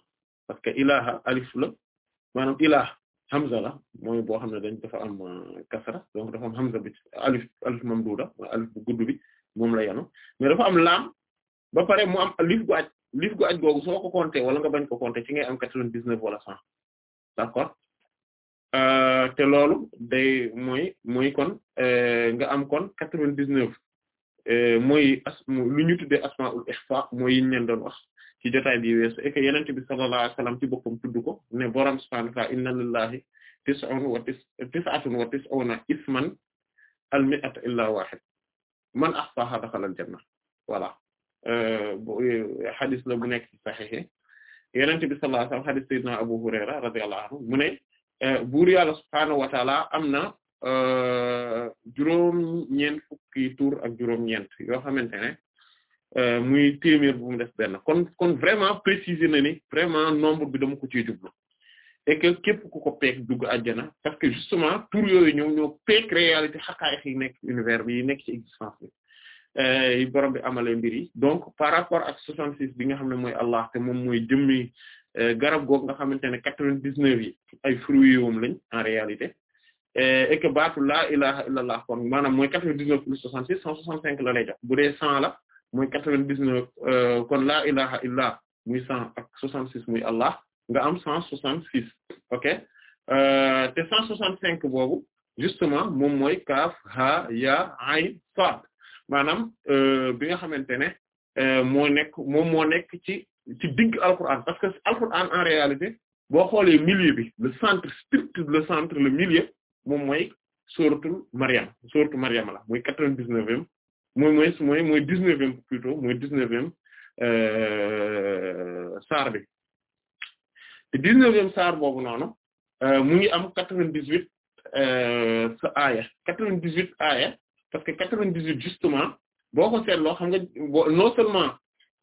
parce que ilaha alif la maanaam ilah hamza mooy boo xam ne dañ dafa am euh, kasra donc dafa am hamza bi alif alif mamduda alif bu gudd bi moom la yanu mais dafa am laam ba pare mu am alif gu aj alif gu aj ko compter wala nga bañ ko compter ci ngay am quatre dix neuf wala cent d'accord Euh, te loolu day moy mooy kon euh, nga am kon quatre-vingt-dix-neuf euh, mooy as lu ñu tuddee asmaul ihsa mooy yiñ leen doon wax ci jotaay bi weesu et que yenente bi ci boppam tudd ko ne borom subhanahu wa ta'ala inna lillahi tis'un wa tis tis'atun wa tis'una isman al mi'at illa wahid man ahsaha dakhala al janna voilà hadith la bu nekk ci saxiix yenente abu hurayra radiyallahu anhu Eh, buur yàlla subhaanahu wa taala am na eh, juróom ñeent fukki tur ak juróom ñeent xamante ne eh, muy téeméer bu mu def benn kon kon vraiment préciser na ni vraiment nombre bi dama ko ci jublu et que képp ku ko peek dugg àjjana parce que justement tur yooyu ñoom ñoo peek réalité xaqaay yi nekk univers bi yi nekk ci existence bi yi borom mbir yi donc par rapport ak 66 bi nga xam ne mooy Allah te moom mooy jëmmi Euh, garab goog nga xamante ne quatre dix neuf yi ay fruits wum lañ en réalité euh, et que baatu laa ilaha illallah kon maanaam mooy quatre dix neuf plus soixante-six cent soixante-cinq la lay jox bu cent la mooy quatre-vingt-dix-neuf euh, kon laa ilaha illah muy cent ak soixante-six muy allah nga am cent soixante-six ok te cent soixante-cinq boobu justement moom mooy kaaf ha ya ayn sad maanaam bi nga xamante ne mo nekk moom moo nekk ci ci digg alquran parce que alquran en réalité boo xole milieu bi le centre strict le centre le milieu moom mooy suratul Maryam suratul Maryam la mooy quatre dix neuvième mooy mooy mooy mooy dix-neuvième plutôt mooy dix-neuvième euh, saar bi dix-neuvième saar boobu noonu euh, mu ngi am quatre-vingt-dix-huit euh, sa aaya quatre dix huit aaya parce que quatre dix huit justement boo ko seetloo xam non seulement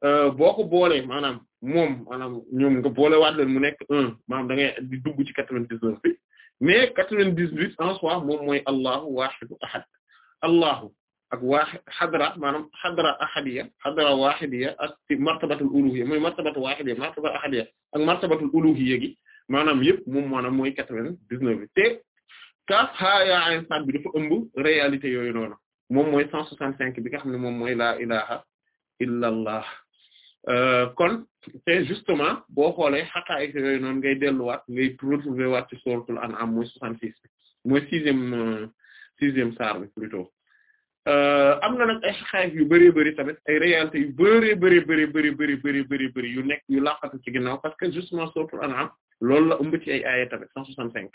Euh, boo ko boolee maanaam moom maanaam ñoom nga boole waat leen mu nekk un maanaam da ngay di dugg ci quatre-vingt-dix-neuf bi mais quatre-vingt-dix-huit en soi moom mooy allahu waaxidu ahad allahu ak waaxid xadra maanaam xadra ahadiya xadra waaxidiya ak martabatul uluhiyya mooy martabatu waaxidiya martabatu ahadiya ak martabatul uluhiyya gi maanaam yëpp moom maanaam mooy quatre-vingt-dix-neuf bi te kaaf xaayaa instant bi dafa ëmb réalité yooyu noonu moom mooy cent soixante-cinq bi nga xam ne moom mooy laa ilaha illa allah Euh, kon te justement boo xoolee xaqaayiq yooyu noonu ngay delluwaat ngay retrouver waat ci suratul am mooy soixante-six mooy sixième euh, sixième saar bi plutôt euh, am na na ay xaqaayiq yu bëree bëri tamit ay réalités yu bëree bëri bëri bëri bëri bëri bëri bëri yu nekk yu laqatu ci ginnaaw parce que justement suratul an'am loolu la ëmb ci ay aaya tamit cent soixante-cinq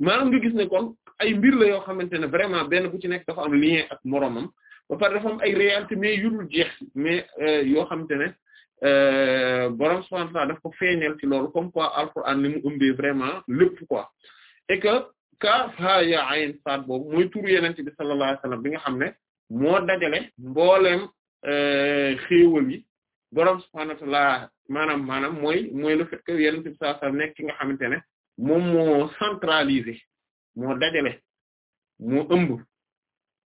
maanaam nga gis ne kon ay mbir la yoo xamante ne vraiment benn bu ci nekk dafa am lien ak moroomam ba pare dafa am ay réalité mais yu jeex mais euh, yoo xamante ne euh, borom subhanahu wa ta'ala daf ko feeñal ci loolu comme quoi alquran ni mu ëmbee vraiment lépp quoi et que kaaf haa yaa ayn saad boobu mooy tur yeneen bi sallallahu bi nga xam ne moo dajale mbooleem euh, xéewal yi borom subhanahu wa ta'ala maanaam maanaam mooy mooy le fait que yeneen bi sallallahu alayhi ki nga xamante ne moom moo centralisé moo dajale moo ëmb.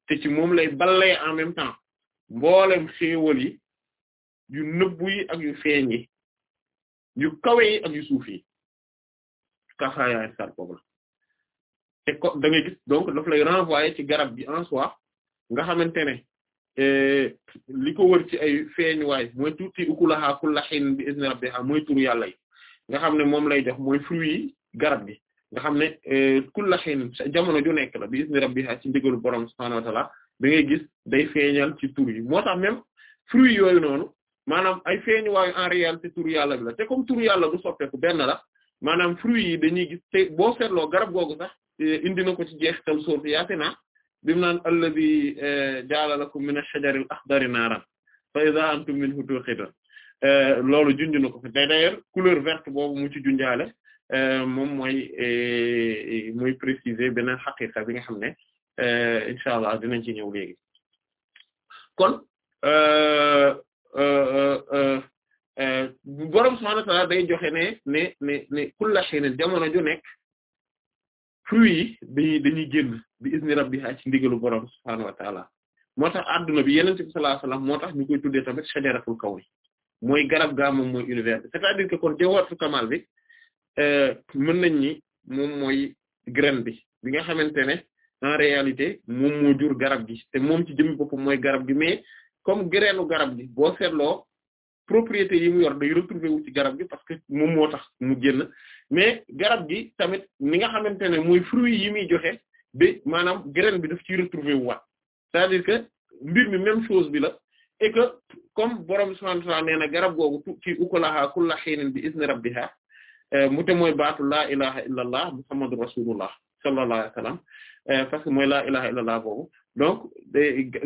te ci moom lay ballee en même temps mboolem xéewal yi yu nëbbu yi ak yu feeñ yi yu kawe yi ak yu suuf yi kasaayaay sar boobu la te ko da ngay gis donc daf lay renvoyer ci garab bi en soi nga xamante ne eh, li ko wër ci ay feeñuwaay mooy tuuti ukulaha kulla hin bi izni rabbiha mooy turu yàlla yi nga xam ne moom lay jox moy fruit yi garab bi nga xam ne euh, kulla hin jamono ju nekk la bi ismi rabbiha ci ndigalu borom subhaanahu wa ta'ala ngay gis day feeñal ci tur yi moo tax même fruits yooyu noonu maanaam ay feeñ waayu en réalité tur yàlla bi la te comme tur yàlla du soppeeku benn la maanaam fruits yi dañuy gis te boo seetloo garab googu sax euh, indi na ko ci jeexital sourate Yaasin bi mu naan alladhi euh, ja'ala lakum min ash-shajari al-akhdari naaran fa idha antum minhu tuqidun loolu junj na ko fi d'ailleurs couleur boobu mu ci junjaale Euh, moom mooy euh, euh, muy préciser beneen xaqiqa bi nga xam ne incha allah dinañ ci ñëw léegi kon borom subhaanahu wa ta'aala day joxe ne ne ne ne kulla hiin jamono ju nekk fruits yi dañuy dañuy génn bi izni rabbiha ci ndigalu borom subhaanahu wa ta'aala moo tax adduna bi yeneen bi sallallahu alayhi moo tax ñu koy tuddee tamit shajaratul kawni mooy garab ga moom mooy univers c'est-à-dire que kon jawharatul kamal bi. Euh, mën nañ ni moom mooy graine bi bi nga xamante ne en réalité moom moo jur garab gi te moom ci jëmmi boppam mooy garab gi mais comme grainu garab gi boo seetloo propriété yi mu yor day retrouver ci garab gi parce que moom moo tax mu génn mais garab gi tamit ni nga xamante ne mooy fruit yi muy joxe bi maanaam graine bi daf ciy retrouver wu waat cest dire que mbir mi même chose bi la et que comme borom subhanahu wa ta'ala nee na garab googu ci ukulaha la hiinin bi izni rabbiha Euh, mu te mooy baatu laa ilaha illallah muhammadur rasulullah sallallahu alayhi wa sallam euh, parce que mooy laa ilaha illallah boobu donc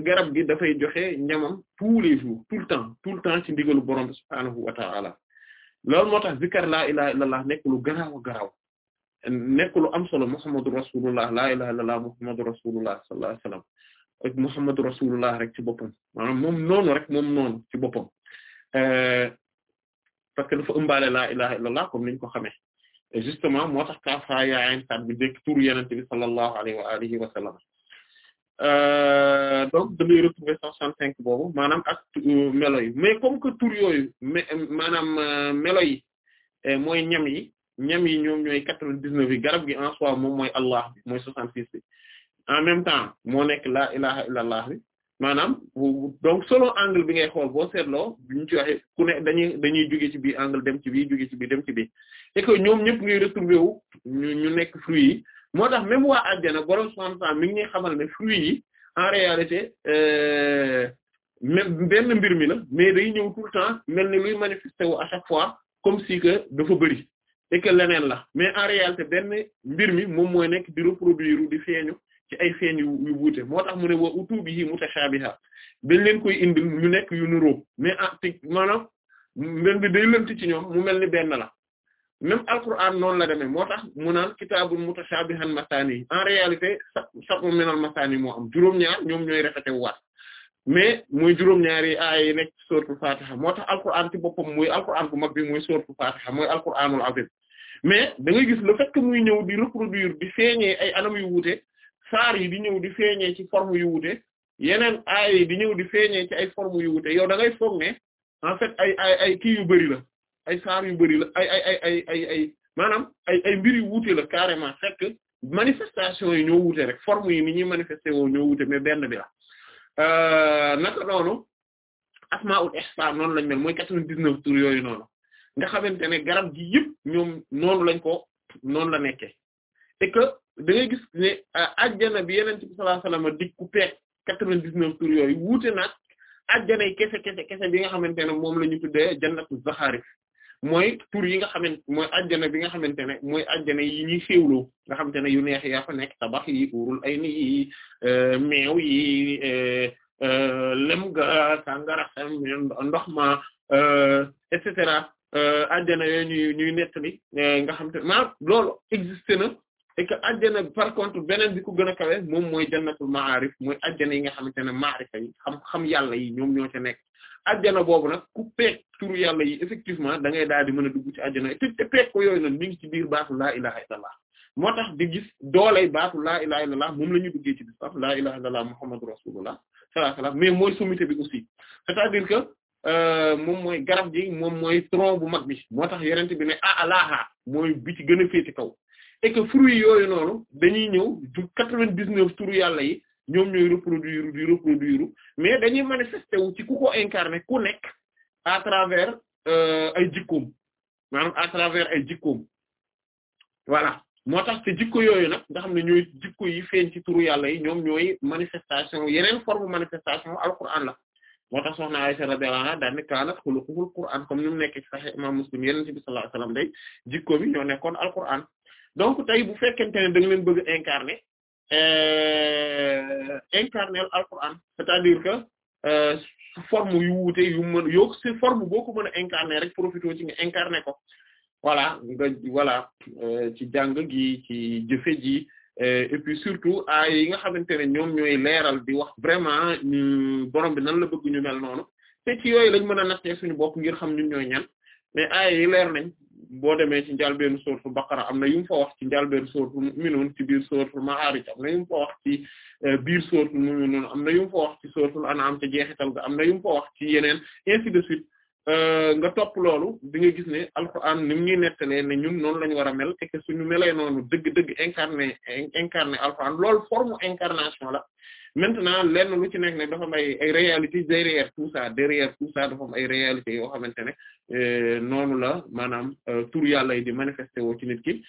garab gi dafay joxe ñamam tous les jours tout le temps tout temps ci ndigalu borom subhaanahu wa ta'ala loolu moo tax zikar la ilaha illallah nekk lu garaaw a garaaw nekk am solo muhammadur rasulullah la ilaha illallah muhammadur rasulullah sallallahu wa sallam ak rasulullah rek ci boppam maanaam noonu rek moom noonu ci boppam euh, parce que dafa ëmbaale la ilaha illallah comme niñ ko xamee et justement moo tax kaaf haa yaa ayn saat bi dégg turu yenente bi euh, donc da ngay retrouver soixante-cinq boobu maanaam ak euh, melo yi mais comme que tur yooyu mais maanaam euh, melo yi eh, mooy ñam yi ñam yi ñoom ñooy quatre-vingt-dix-neuf yi garab gi en soi moom mooy allah bi mooy soixante-six bi en même temps moo nekk la ilaha illallah bi maanaam donc selon angle bi ngay xool boo seetloo bi ñu ci waxee ku ne dañuy dañuy jóge ci bii angle dem ci bii jóge ci bii dem ci bi et que ñoom ñëpp ngay retrouver wu ñu nekk fruits yi moo tax même waa àjjana borom subhanahu wa ta'ala mi ngay ñuy xamal ne fruits yi en réalité euh, me benn mbir mi la mais day ñëw tout le temps mel ni luy manifester wu à chaque fois comme si que dafa bëri et que leneen la mais en réalité benn mbir mi moom mooy nekk di reproduire di feeñu ci ay xeeñ yu moo tax mu ne wa utubihi mutashabiha dañ leen koy indil ñu nekk yu nuroo mais a ah, te maanaam mbir bi day lënt ci ñoom mu mel ni benn la même alquran noonu la demee moo tax mu naan kitaabul mutashabihan masaani yi en réalité sa sab'un minal masaani moo am juróom-ñaar ñoom ñooy rafete waat mais mooy juróom-ñaari aaya yi nekk suratul fatiha moo tax alquran ci boppam mooy alquran bu mag bi mooy suratul fatiha mooy alquranul azim mais da ngay mais le fait que muy ay anam yu wuute saar yi di ñëw di feeñee ci forme yu wute yeneen aaya di ñëw di feeñee ci ay forme yu wute yow da ngay foog ne en fait ay ay ay yu bari la ay saar yu bari la ay ay ay ay maanaam ay ay mbir yu wuute la carrément fekk manifestation yi ñoo wute rek forme yi ni ñuy manifesté woo ñoo wute mais benn bi la euh, naka noonu asmaul ihsan noonu lañ mel mooy quatre-vingt-dix-neuf tours yooyu noonu nga xamante ne garab gi yëpp ñoom noonu lañ ko noonu la nekkee et que da ngay gis ne ajjana euh, bi yeneen bi sallallahu alayhi wasallam dig quatre-vingt-dix-neuf tours yooyu wuute nag ajjana yi kese kese bi nga xamante ne moom la ñu tuddee jannatu zaxaarif mooy tur yi nga xamante mooy ajjana bi nga xamante ne mooy ajjana yi ñuy xéwloo nga xamante ne yu neex yaa fa nekk tabax yi urul ay ni yi euh, meew yi euh, lem ga sàngara ndox ma et cetera ajjana yooyu ñuy ñuy nga xamante ne maanaam loolu na et que ajjana par contre beneen bi ko gën a kawe moom mooy jannatul ma'arif mooy ajjana yi nga xamante ne ma'rifa yi xam-xam yàlla yi ñoom ñoo ca nekk ajjana boobu nag ku peek turu yàlla yi effectivement da ngay daal di mën a dugg ci ajjana te te peek ko yooyu na ni ngi ci biir baatu laa ilaha illallah moo tax di gis dooley baatu laa ilaha illallah moom la ñu duggee ci bis sax laa ilaha illallah muhammadu rasulullah sallallahu alayhi wasallam mais mooy sommité bi aussi c'est-à-dire que euh, moom mooy garab gi moom mooy tronc bu mag bi moo tax yenente bi ne a ah, alaha mooy bi ci gën a féete kaw et que fruits yooyu noonu dañuy ñëw du quatre-vingt-dix-neuf turu ñoom ñooy reproduire di reproduire mais dañuy manifester wu ci ku ko incarner ku nekk à travers euh, ay jikkoom maanaam à travers ay jikkoom voilà moo tax te jikko yooyu nag nga xam ne ñooy jikko yi feeñ ci turu yàlla yi ñoom ñooy manifestation yeneen forme manifestation alquran la moo tax soxna Aysa radiyallahu a daan ne kaanat xuluquhul qur'an comme ni mu nekk bi ñoo nekkoon alquran donc tey bu fekkente ne da nga leen bëgg incarner euh, incarner alquran c'est-à-dire que euh, forme yu wuute yu mën yoo ci forme boo ko mën a incarner rek profité ci nga incarner ko voilà nga voilà euh, ci jàng gi ci jëfe ji et puis surtout ay yi nga xamante ne ñoom ñooy leeral di wax vraiment ñu borom bi nan la bëgg ñu mel noonu te ci yooyu lañ mën a nattee suñu bopp ngir xam ñun ñooy ñan mais ay leer nañ boo demee ci njàlbéenu sóortu Baqara am na yu mu fa wax ci njàlbéenu sóortu Mu'minuun ci biir sóortu Ma'aarij am na yu mu wax ci biir sóortu Mu'minuun am na yu mu fa wax ci euh, am An'aam ca jeexital ga am na yu mu fa wax ci yeneen ainsi de suite Euh, nga topp loolu di nga gis ne alxuraan ni mu ñuy nettalee ne ñun noonu lañu war a mel et que suñu melee noonu dëgg-dëgg incarné incarné alxuraan loolu forme incarnation la maintenant lenn lu ci nekk ne dafa am ay ay réalités derrière tout derrière tout ça dafa am ay réalités yoo xamante ne euh, noonu la maanaam euh, tour yàlla yi di manifesté woo ci nit ki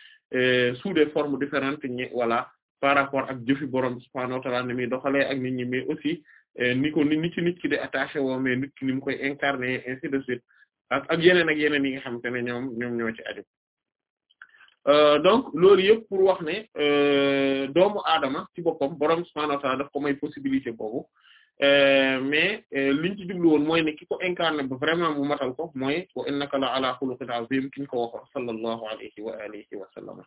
sous des formes différentes ñi voilà par rapport ak jëfi borom subhaanahu wa ta'aala ni muy doxalee ñi mais aussi Euh, niko ko ni ci nit ki di attaché woo mais nit ki ni mu koy incarné ainsi de suite ak ak yeneen ak yeneen yi nga xamante ne ñoom ñoom ñoo ci aju euh, donc loolu yëpp pour wax ne euh, doomu aadama ci boppam borom subhanahu wa ta'ala daf ko may possibilité boobu mais liñ ci jublu woon mooy ne ki ko incarné ba vraiment mu matal ko mooy wa innaka la ala xuluqin azim ki ñu ko waxoon sallallahu alayhi wa alihi wa sallam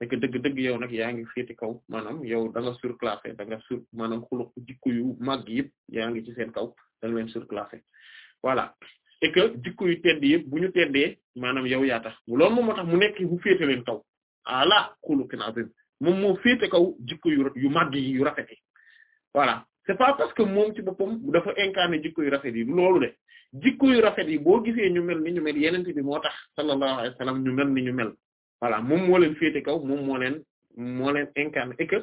nekk dëgg-dëgg yow nag yaa ngi féeti kaw maanaam yow da nga surclassé da nga sur maanaam xuluk jikko yu màgg yëpp yaa ngi ci seen kaw da nga leen surclassé voilà et que yu tedd yëpp bu ñu teddee maanaam yow yaa tax loolu moom moo mu nekk bu féete leen kaw ala xuluqin azim moom moo féete kaw jikko yu yu màgg yi yu rafet yi voilà c'est pas parce que moom ci boppam dafa incarné jikko yu rafet yi loolu de jikko yu rafet yi boo gisee ñu mel ni ñu mel yeneen bi moo tax ñu mel ni ñu mel voilà moom moo leen féete kaw moom moo leen moo leen incarné et que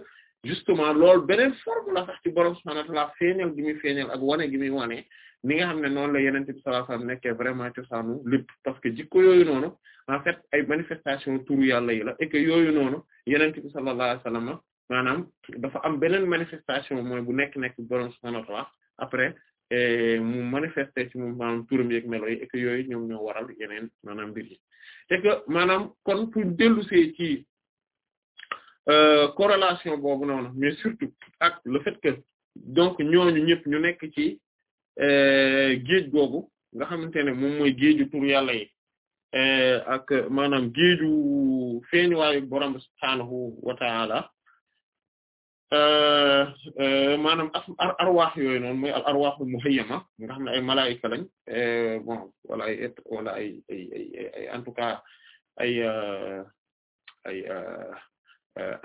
justement loolu beneen forme la sax ci borom subhaanahu wa ta'aala feeñal gi muy ak wane gi muy wane ni nga xam ne noonu la yeneen bi sallallahu alayhi wasallam vraiment cosaanu lépp parce que jikko yooyu noonu en fait ay manifestation turu yàlla yi la et que noonu yonent bi sallallahu alayhi wasallam maanaam dafa am beneen manifestation mooy bu nekk nekk borom subhaanahu wa ta'aala après Eh, mu manifester ci moom maanaam turam yeeg melo yi et que yooyu ñoom ñoo waral yeneen maanaam mbir yi et que maanaam kon pour dellusee ci euh, corrélation boobu noonu mais surtout ak le fait que donc ñooñu ñëpp ñu nekk ci euh, géej googu nga xamante ne moom mooy géeju tur yàlla yi euh, ak maanaam géeju feeñuwaayu borom subhaanahu wa ta'ala Euh, euh, maanaam as arwaax yooyu noonu mooy al arwaaxul muhayyama nga xam ne ay malaayika lañ euh, bon wala ay et wala ay ay en tout cas ay ay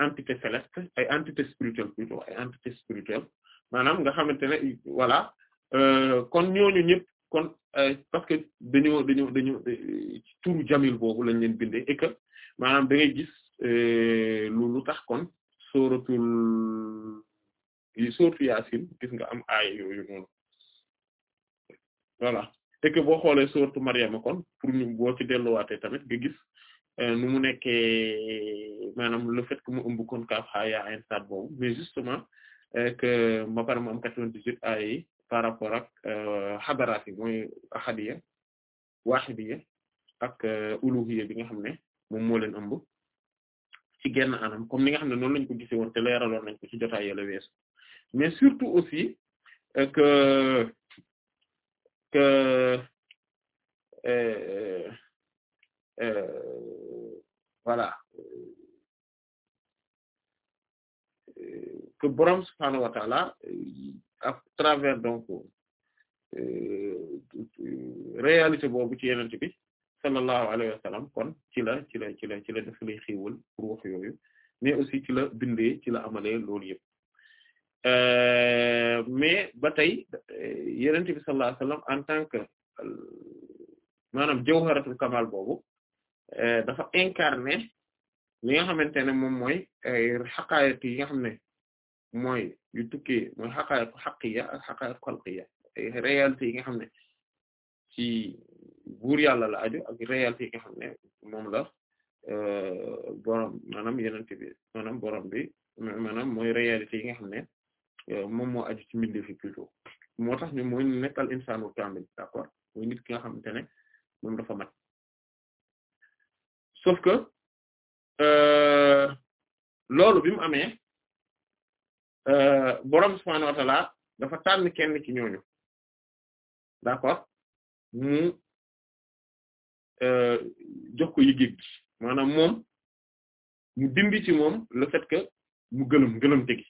entité céleste ay entité spirituelle plutôt ay entité spirituelle maanaam nga xamante ne voilà kon ñooñu ñëpp kon parce que dañoo dañoo dañoo turu jamil boobu lañ leen bindee et que maanaam da ngay gis lu lu tax kon sóoratul yi sóoratu Yaasin gis nga am aaya yooyu noonu voilà et que boo xoolee sóoratu Maryam kon pour ñu boo ci delluwaatee tamit nga gis euh, nu mu nekkee maanaam le fait que mu ëmb kon kaaf xaa yaa ayn saat boobu mais justement euh, que ma mu am quatre-vingt-dix-huit aaya yi par rapport ak euh, xadaraat yi mooy ahadiya wahidiyya ak uluhiyya bi nga xam ne moom moo leen ëmb ci genn anam comme ni nga xam ne noonu lañ ko gisee woon te leeraloon nañ ko ci jotaay yàlla weesu mais surtout aussi euh, que que euh, euh, voilà que borom subhaanahu wa ta'ala travers donc réalité boobu ci yeneen bi sallallahu alayhi wa sallam kon ci la ci la ci la la def lay xéewal pour wax yooyu aussi ci bindee ci amalee loolu yëpp euh, mais ba tey euh, yenente bi sallallahu alayhi wa sallam en tant que euh, maanaam jawharatul kamal boobu dafa incarné li nga xamante ne moom mooy xaqaayiq yi nga xam ne mooy yu tukkee mooy xaqaayiq xaqiya ak xaqaayiq réalité yi nga xam ne ci buur yàlla la aju ak réalité yi nga xam ne moom la euh, borom maanaam yenente bi maanaam borom bi maanaam mooy réalité yi nga xam ne euh, moom moo aju ci mbindeef yi plutôt moo tax ñu mooy nekkal insaanu kamil d'accord mooy nit ki nga xamante ne moom dafa mat sauf que euh, loolu bi mu amee borom subhaanahu wa ta'aala dafa kenn ci ñooñu d'accord mu Euh, jox ko yëg-yëg maanaam moom mu dindi ci moom le fait que mu gëlëm gëlëm tegi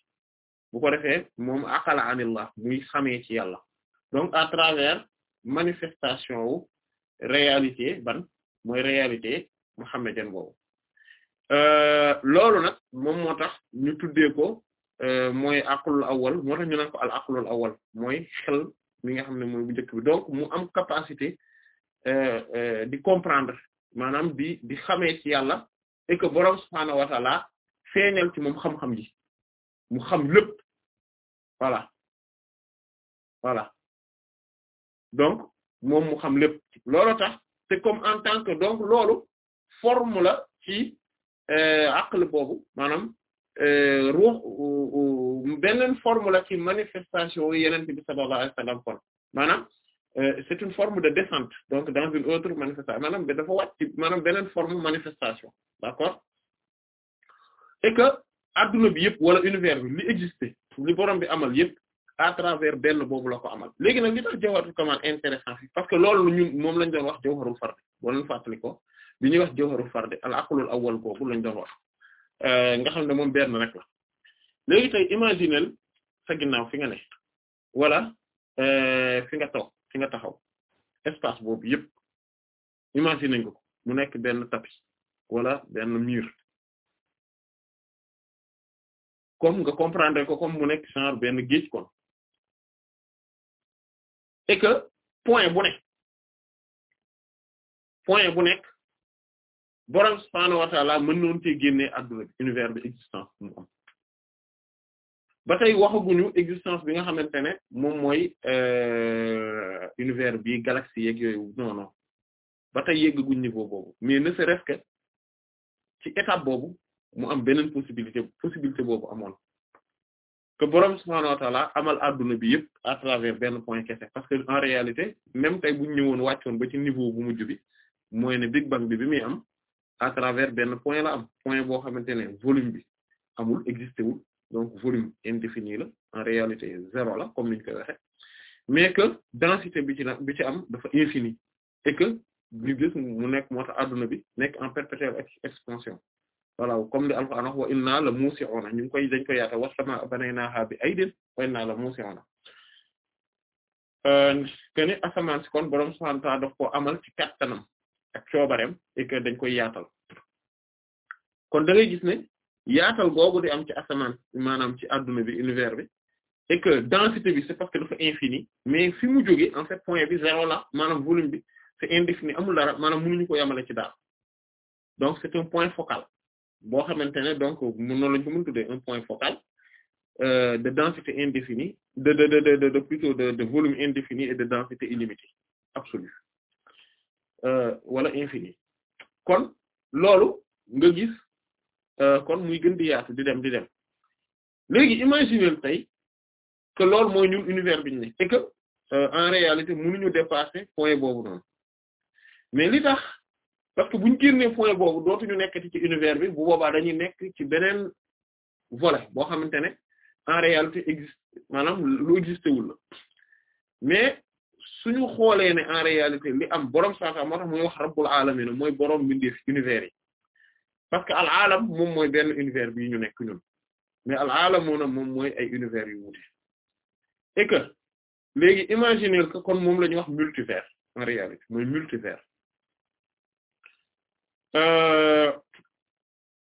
bu ko defee moom aqala anillah muy xamee ci yàlla donc à travers manifestation wu réalité ban mooy réalité muhammadienne boobu euh, loolu na moom moo tax ñu tuddee ko euh, mooy aqlul awal moo tax ñu naan ko awal mooy xel mi nga xam ne mooy bu njëkk bi donc mu am capacité Euh, euh, di comprendre maanaam di di xamee ci yàlla et que borom subhaanahu wa taala feeñal ci moom xam-xam ji mu xam lépp voilà voilà donc moom mu xam lépp loolu tax comme en tant que donc loolu forme la ci euh, aql boobu maanaam ruux beneen forme la ci manifestation yi yeneen bi sallallahu alayhi wasallam kon maanaam Euh, c'est une forme de descente donc dans une autre manifestation maanaam dafa wàcc maanaam beneen forme manifestation d'accord et que adduna bi yëpp wala univers bi exister li borom bi amal yëpp à travers benn boobu la ko amal léegi nag li tax jawharul kamal intéressant parce que loolu ñun moom lañ doon wax jawharul fard boo leen fàttali ko bi ñuy wax jawharul fard al aqlul awwal kooku lañ doon wax euh, nga xam ne moom benn rek la léegi tey imaginel sa fi nga wala euh, fi fi nga taxaw espace boobu yëpp imaginer nga ko mu nekk benn tapis wala benn mur comme nga comprendre ko kom mu nekk genre benn géej kon et que point bu nekk point bu nekk borom subhaanahu wa ta'ala mën noonu cee génnee adduna bi de existence mu am ba tey waxaguñu existence bi nga xamante ne moom mooy euh, univers bi galaxie yeeg yooyu non non ba tey yeggaguñ niveau boobu mais ne serait-ce ci étape boobu mu am beneen possibilité possibilité boobu amoon que boroom subhaanahu wa ta'ala amal adduna bi yëpp à travers benn point kese parce que en réalité même tey buñ ñëwoon wàccoon ba ci niveau bu mujj bi mooy ne Big Bang bi bi muy am à travers benn point la am point boo xamante ne volume bi amul existé wul donc volume indéfini la en réalité zéro la comme niñ koy waxe mais que densité bi ci na bi ci am dafa infini et que ñu mu nekk moo tax bi nekk en perpétuelle expansion voilà comme li Alxuraan wax wa inna la muusi'uuna ñu ngi koy dañ koy yaata was-samaa'a banaynaahaa bi aydin wa inna la muusi'uuna keni euh, asamaan si kon boroom subhaanahu wa ta'aala daf amal ci kattanam ak coobareem et que dañ koy yaatal kon da ngay yaatal googu di am ci asamaan maanaam ci adduna bi univers bi et densité bi c'est parce que dafa infini mais fi mu jógee en fait point bi zéro la maanaam volume bi c'est indéfini amul dara maanaam mënuñu ko yamale ci daal donc c'est un point focal boo xamante ne donc mën noonu lañu ko mën tuddee un point focal euh, de densité indéfinie de de de de, de, de plutôt de, de volume indéfini et de densité illimitée absolue euh, wala euh, voilà, infini kon Euh, kon muy gën di yaatu di dem di dem léegi imaginer tey que loolu mooy ñu univers bi ñu ne c'est que euh, en réalité mënuñu dépasser point boobu noonu mais li tax parce que bu ñu génnee point boobu dootuñu nekkati ci univers bi bu boobaa dañuy nekk ci beneen volet boo xamante ne en réalité existe maanaam lu existé wul la mais suñu xoolee ne en réalité li am boroom saasa moo tax muy wax rabbul alamin mooy boroom mbindeef univers yi parce que al moom mooy benn univers bi ñu nekk ñun mais al alam moom moom mooy ay univers yu wuute et que léegi imaginer kon moom la wax multivers en réalité mooy multivers euh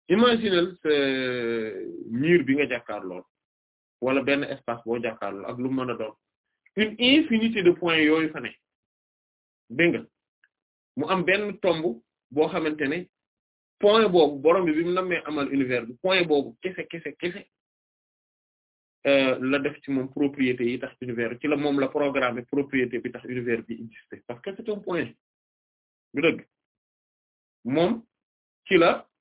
imaginer mur bi nga jàkkaar lool wala benn espace boo jàkkaar lool ak lu mën a doon une infinité de points yooyu fa ne dégg am benn tomb boo xamante ne point boobu borom bi bi mu amal univers bi point boobu kese kese kese euh, la def ci moom propriété yi tax univers la moom la programme propriété bi tax parce que c'est un point du dëgg moom ci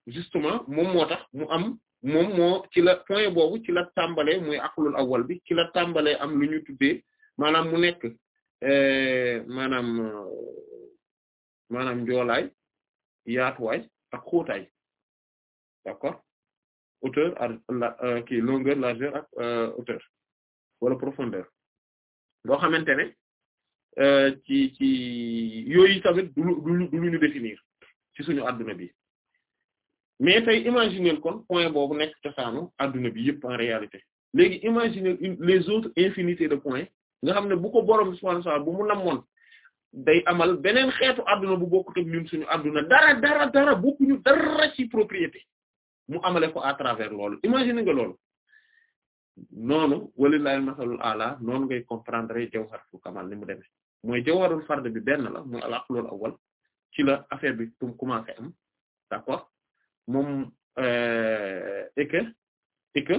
justement moom moo tax mu am moom moo ci point boobu ci la tàmbalee muy aqlul awwal bi ci la tàmbalee am lu ñu tuddee maanaam mu nekk euh, maanaam euh, maanaam njoolaay ak xóotay d'accord hauteur la euh, kii longueur largeur ak euh, hauteur wala profondeur loo xamante ne euh, ci ci yooyu tamit du lu du lu définir ci suñu adduna bi mais tey imaginer kon point boobu nekk cosaanu adduna bi yëpp en réalité léegi imaginer les autres infinités de points nga xam ne bu ko boroom subhaanahu wa bu mu namoon day amal beneen xeetu adduna bu bokkut ak ñun suñu adduna dara dara dara bokkuñu dara ci propriété mu amale ko à travers loolu imagine nga loolu noonu walilahi masalul ala noonu ngay comprendre jawharatul kamal ni mu demee mooy jawharul fard bi benn la mooy al aqlul awwal ci la affaire bi tum commencé am d'accord moom euh, et que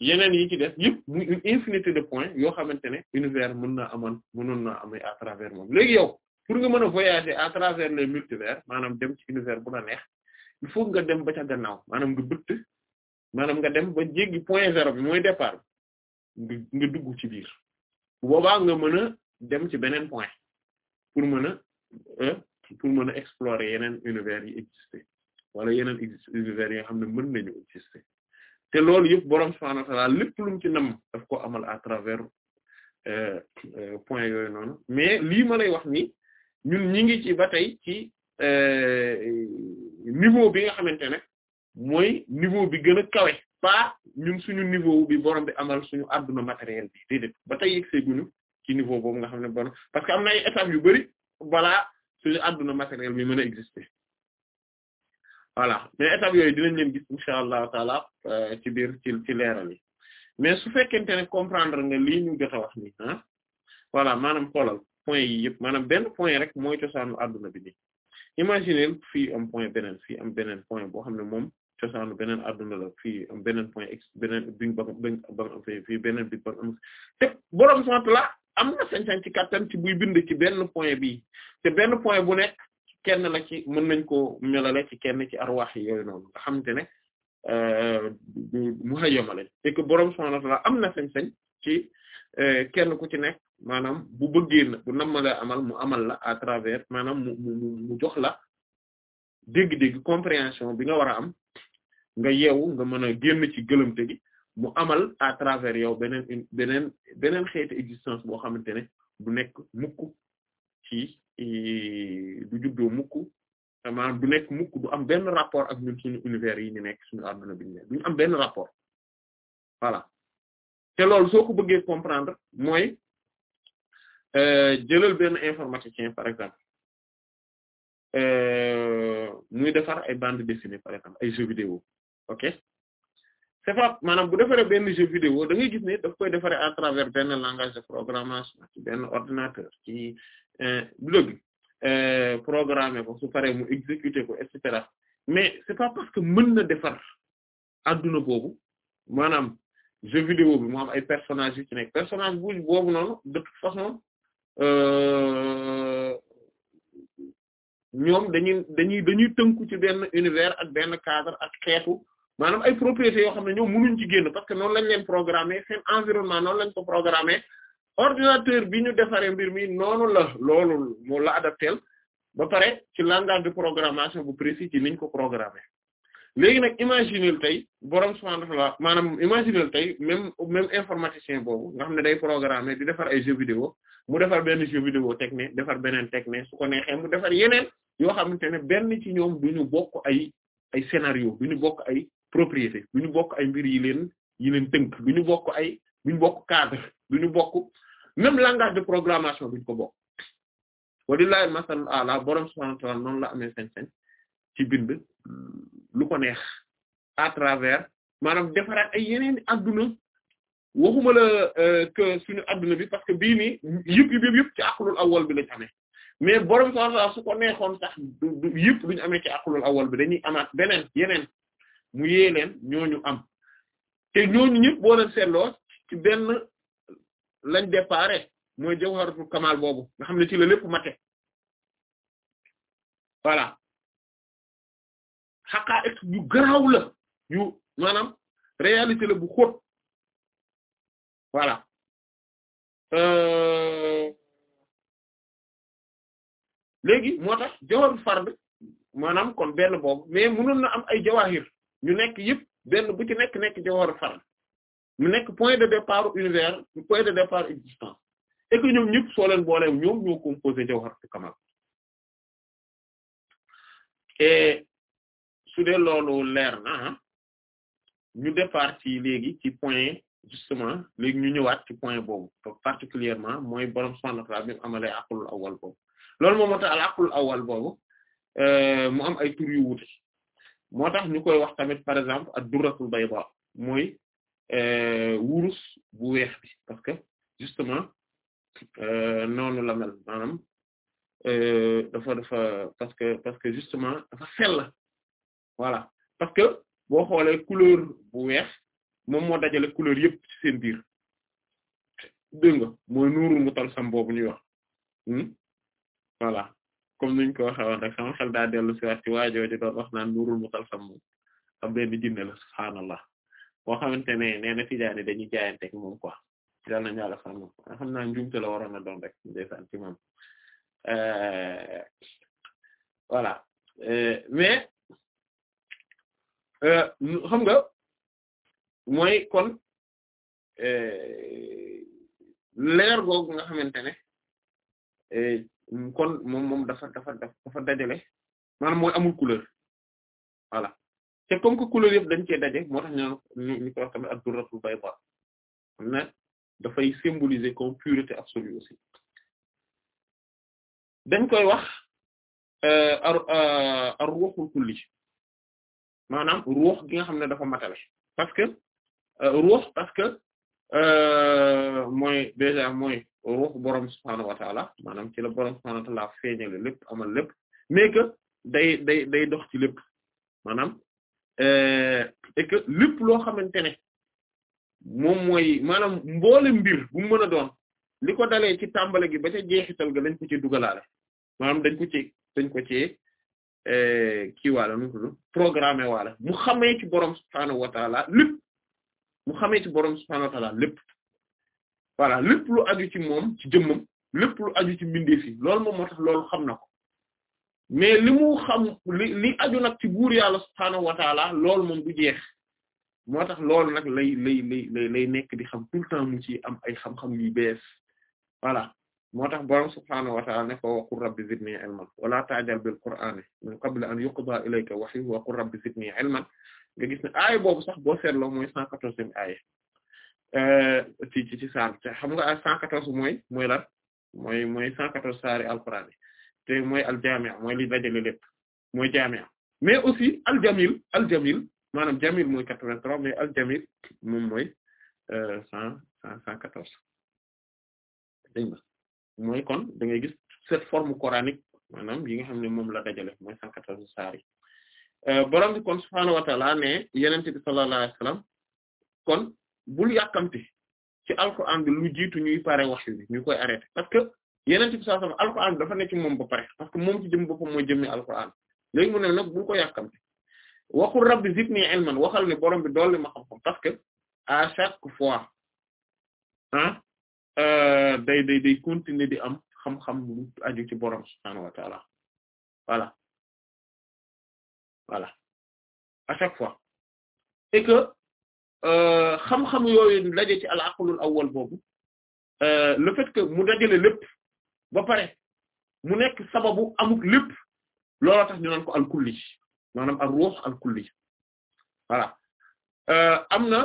yeneen yi ci des yëpp muy infinité de points yoo xamante ne univers mën naa amoon mënoon na amee à travers moom léegi yow pour nga mën a voyager à travers les multivers maanaam dem ci univers bu la neex il faut nga dem ba ca gannaaw maanaam nga bëtt maanaam nga dem ba jéggi point zéro bi mooy départ nga nga dugg ci biir boobaa nga mën a dem ci beneen point pour mën a euh, pour mën a yeneen univers yi exister wala yeneen univers yi xam ne mën nañu exister te loolu yëpp borom subhaanahu wa ta'aala lépp lu mu ci nam daf ko amal à travers euh, euh, point yooyu noonu mais lii ma lay wax ni ñun ñi ngi ci ba tey ci euh, niveau bi nga xamante ne mooy niveau bi gën a kawe pas ñun suñu niveau bi borom bi amal suñu àdduna matériel bi déedéet ba tey yegg seeguñu ci niveau boobu nga xam ne bon parce que am na ay étapes yu bari balaa suñu àdduna materiel bi mën a exister voilà mais étapes yooyu dinañ leen gis incha allahu taala euh, ci biir ci ci leeral yi mais su fekkente ne comprendre nga lii ñu jot a wax ni ah voilà maanaam xoolal point yi yëpp maanaam benn point rek mooy cosaanu adduna bi nii imaginer fii am point beneen fii am beneen point boo xam ne moom cosaanu beneen adduna la fii am beneen point ex beneen big bang bang am fii beneen bi bang am te borom sant la am na sañ-sañ ci kattan bind ci benn point bii bu nekk. kenn la ci mën nañ ko melale ci kenn ci arwaax yi yooyu noonu nga xamante ne euh, mu xëyama lañ et que boroom subhaanahu la am na sañ-sañ ci euh, kenn ku ci nekk maanaam bu bëggee na bu nammalee amal mu amal la à travers maanaam mu mu mu jox la dégg-dégg compréhension bi nga war a am nga yeewu nga mën a génn ci gëlëmte gi mu amal à travers yow beneen beneen beneen existence boo xamante ne du nekk mukk ci du juddoo mukk maanaam du nekk mukk du am benn rapport ak ñun suñu univers yi ñu nekk suñu àdduna bi ñu nekk duñu am benn rapport voilà te loolu soo ko bëggee comprendre mooy euh, jëlal benn informaticien par exemple euh, muy defar ay bande dessinée par exemple ay jeux vidéo ok c'est ça maanaam bu defaree benn jeu vidéo da ngay gis ne daf koy defaree à travers benn langage de programmation benn ordinateur ci du euh, dëgg euh, programmer ko su mu exécuter ko et cetera mais c'est pas parce que mën na defar adduna boobu maanaam jeu vidéo bi mu ay personnages yu ci nekk personnage bu boobu noonu de toute façon euh, ñoom dañuy dañuy dañuy tënku ci benn univers ak benn cadre ak xeetu maanaam ay propriétés yoo xam ne ñoom mënuñ ci génn parce que noonu lañ leen programmer seen environnement noonu lañ ko programmer ordinateur bi ñu defaree mbir mi noonu la loolu moo la adapté ba pare ci langage de programmation bu précis ci niñ ko programme léegi nag imaginer tey borom subhaanahu wa ta'aala maanaam imaginer tey même même informaticien boobu nga xam ne day programme di defar ay jeux vidéo mu defar benn jeu vidéo teg ne defar beneen teg ne su ko neexee mu defar yeneen yoo xamante ne benn ci ñoom du ñu bokk ay ay scénario du ñu bokk ay propriété du ñu bokk ay mbir yi leen yi leen tënk du ñu bokk ay du bokk cadre du ñu bokk. même langage de programmation duñ ko bokk walillahi masal ala borom subhanahu wa ta'ala noonu la amee sañ-sañ ci bind lu ko neex à travers maanaam defaraat ay yeneen adduna waxuma la euh, que suñu adduna bi parce que bii nii yëpp yëpp yëpp ci aqlul awwal bi lañ amee mais borom subhanahu wa neexoon sax du yëpp duñu amee ci aqlul awwal bi dañuy amaat beneen yeneen mu yee ñooñu am te ñooñu ñëpp boo leen seetloo benn. lañ déparé mooy jawharatul kamal boobu nga xam ne ci la lépp mate voilà xaqaa'iq yu garaaw yu maanaam réalité la bu xóot voilà euh, léegi moo tax jawharatul fard maanaam kon benn boobu mais mënoon na am ay jawahir ñu nekk yëpp benn bu ci nekk nekk jawharatul fard mu nekk point de départ univers point de départ existence et que ñoom ñëpp soo leen boolee ñoom ñoo composé Jawharatul Kamal et su loolu leer na ah, ñu départ ci léegi ci point justement léegi ñu ñëwaat ci point boobu particulièrement mooy borom subhanahu wa ta'ala bi mu amalee awal boobu loolu moom moo awal boobu euh, mu am ay tur yu wuute moo tax ñu koy wax tamit par exemple ad-durratul bayda moy Euh, wurus bu weex bi parce que justement euh, noonu la mel euh, parce que parce que justement dafa sell voilà parce que boo xoolee couleur bu weex moom moo dajale couleur yëpp ci seen biir dégg nga sam boobu ñuy wax hmm? voilà comme niñ ko waxee woon rek sama xel daa dellu ci ci waajoo ji doon wax naan nuurul mu tal sam moom am benn jinne la boo xamante ne nee na tijaani dañuy jaayanteeg moom quoi yal nañu yàlla sàmm xam naa njuumte la waroon a doon rek ndeysaan ci moom euh, voilà euh, mais euh, xam nga mooy kon leer googu nga xamante ne kon moom moom dafa dafa dafa dajale maanaam amul couleur voilà. te comme que couleur yëpp dañ cee daje moo tax ñu ñu ko wax tamit ad-durratul bayda xam ne dafay symboliser comme pureté absolue aussi dañ koy wax euh, euh, ar-ruhul ruux gi nga xam ne dafa matale parce que euh, ruux parce mooy déjà mooy ruux borom subhaanahu wa ta'ala maanaam ci la borom subhaanahu wa ta'ala feeñale lépp a lépp mais que day day day dox ci lépp maanaam Euh, et lépp loo xamante ne moom mooy maanaam mboole mbir bu mu mën a doon li ko dalee ci tàmbale gi ba ca jeexital ga dañ ko ci dugalaale maanaam dañ ko ci dañ ko ci euh, kii waala nu tudd programmé waala mu xamee ci borom subhaanahu wa taala lépp mu xamee ci borom subhaanahu wa lépp voilà lépp lu aju ci moom ci jëmmam lépp lu aju ci mbindeef lool moom moo tax loolu xam na ko mais limu mu xam li li aju nag ci buur yàlla subhaanahu wa moom du jeex moo tax lool nag lay lay lay lay nekk xam tout temps mu ci am ay xam-xam yu bees voilà moo tax borom subhaanahu wa taala ne ko wa qul rabbi zidni ilman wala ta'jal bil qur'ani min qabli an yuqda ilayka wahyuhu wa qul rabbi zidni ilman nga gis ne aay boobu sax boo seetloo mooy cent quatorzième aay euh, ci ci ci saar xam nga ay cent quatorze mooy mooy lan mooy mooy te mooy aljamia mooy li dajale lépp mooy jamia mais aussi aljamil aljamil maanaam jamil mooy quatre-vingt-trois mais aljamil moom mooy euh, cent cent kon da ngay gis cette forme coranique maanaam yi nga xam ne moom la dajale mooy cent quatorze saar yi euh, kon subhaanahu wa ne yeneen bi sallallahu alayhi kon bul yàkkamti ci alquran bi lu jiitu ñuy pare wax ñu koy arrêté parce que yeneen ci saa sama alquran dafa nekk ci moom ba pare parce que moom ci jëm boppam mooy jëmmi alquran léegi mu ne nag bul ko yàkkamte waxul rabbi zidni ilman waxal ne borom bi dolli ma xam-xam parce que à chaque fois ah day day day continuer di am xam-xam aju ci borom subhaanahu wa taala voilà à chaque fois et que euh, xam-xam yooyu daje ci al aqlul boobu euh, le fait que mu dajale lépp ba pare mu nekk sababu amuk lépp looloo tax ñu naan ko al-kulli maanaam ar-ruh al-kulli voilà euh, am na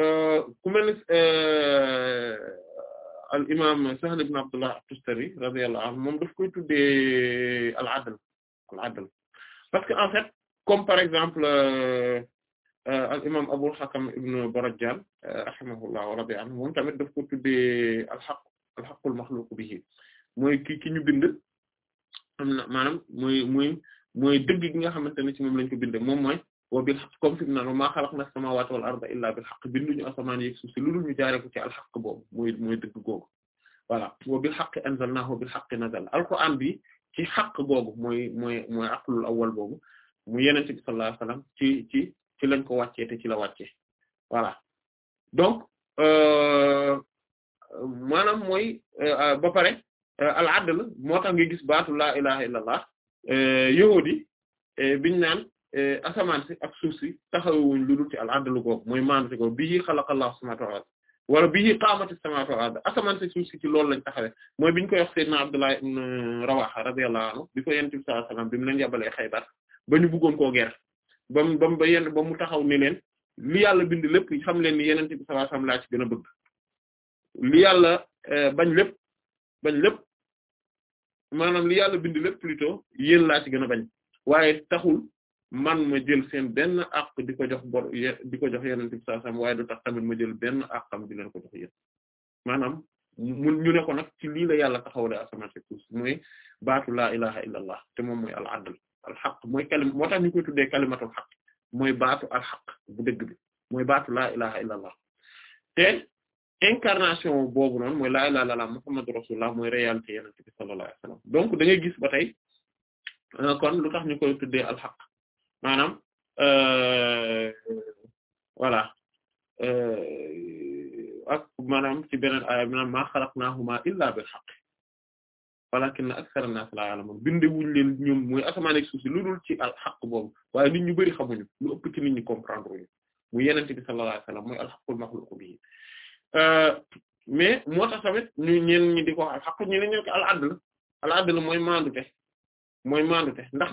euh, ku mel euh, Abdullah at-Tustari radiyallahu anhu moom daf koy tuddee al-adl parce que en fait comme par exemple al imaam Abu al-Hakam ibn Barajjan rahimahullah wa radiya anhu tamit daf ko tuddee al-haqq al-haqqul makhluq bihi mooy ki ki ñu bind am na maanaam muy muy mooy dëgg gi nga xamante ne ci moom lañ ko binde moom mooy wa bil haqq comme fi mu naan maa xalaqna as-samaawaati wal arda illaa bil haqq binduñu asamaan yeeg suuf si lu dul ñu jaaree ko ci al haqq boobu mooy mooy dëgg googu voilà wa bil haqq anzalnaahu wa bil haqq nazala alquran bi ci haqq googu mooy mooy mooy aqlul awwal boobu mu yonent bi sallallahu ci ci ci lañ ko wàccee te ci la wàccee voilà donc euh, maanaam mooy euh, ba pare. Euh, al adl moo tax nga gis baatu laa ilaha illallah euh, yahudi euh, biñ naan asamaan si ak suuf si taxawuñ lu dul ci al adl googu mooy maandate googu bi xalaqallahu samaawaati wal ard wala bii qaamati samaawaati wal ard asamaan si loolu lañ taxawee mooy biñ koy wax Seydina Abdullah ibn Rawaha radiyallahu anhu bi ko yonent bi sallallahu alayhi bi mu ba ñu bëggoon koo ger bam bam ba yenn ba mu taxaw ni leen yàlla bind lépp xam leen ni yonent bi sallallahu laa ci gën a bëgg li yàlla bañ lépp bañ lépp maanaam li yàlla bind lépp plutôt yéen laa ci gën a bañ waaye taxul man ma jël seen benn àq di ko jox bor di ko jox yeneen bi saa sam waaye du tax tamit ma jël benn àqam di leen ko jox yéen maanaam mun ñu ne ko nag ci lii la yàlla taxawale asamaan si tuus mooy baatu laa ilaha illa allah te moom mooy al adl al xaq mooy kalima moo tax ñu koy tuddee kalimatul xaq mooy baatu al xaq bu dëgg bi mooy baatu laa ilaha illa te incarnation boobu noonu mooy laa ilaaha illallaah muhammadu rasulullah mooy réalité yonent bi sallallaahu donc da ngay gis ba tey euh, lu ñu koy tuddee alxaq maanaam euh, voilà euh, ak maanaam ci beneen aaya maanaam maa xalaqnaahumaa illaa bil xaq walaakinna aksara naas laa ya'lamuun binde wuñ mooy asamaan ak suuf lu ci alxaq boobu waaye nit ñu bari xamuñu lu ëpp ci comprendre ñu muy yonent bi sallallaahu alayhi wa sallam mooy alxaqul maxluuq Euh, mais moo tax tamit ñu ñeen ñi di ko xaq ñeneen ñi ko al adl al adl mooy maandute mooy maandute ndax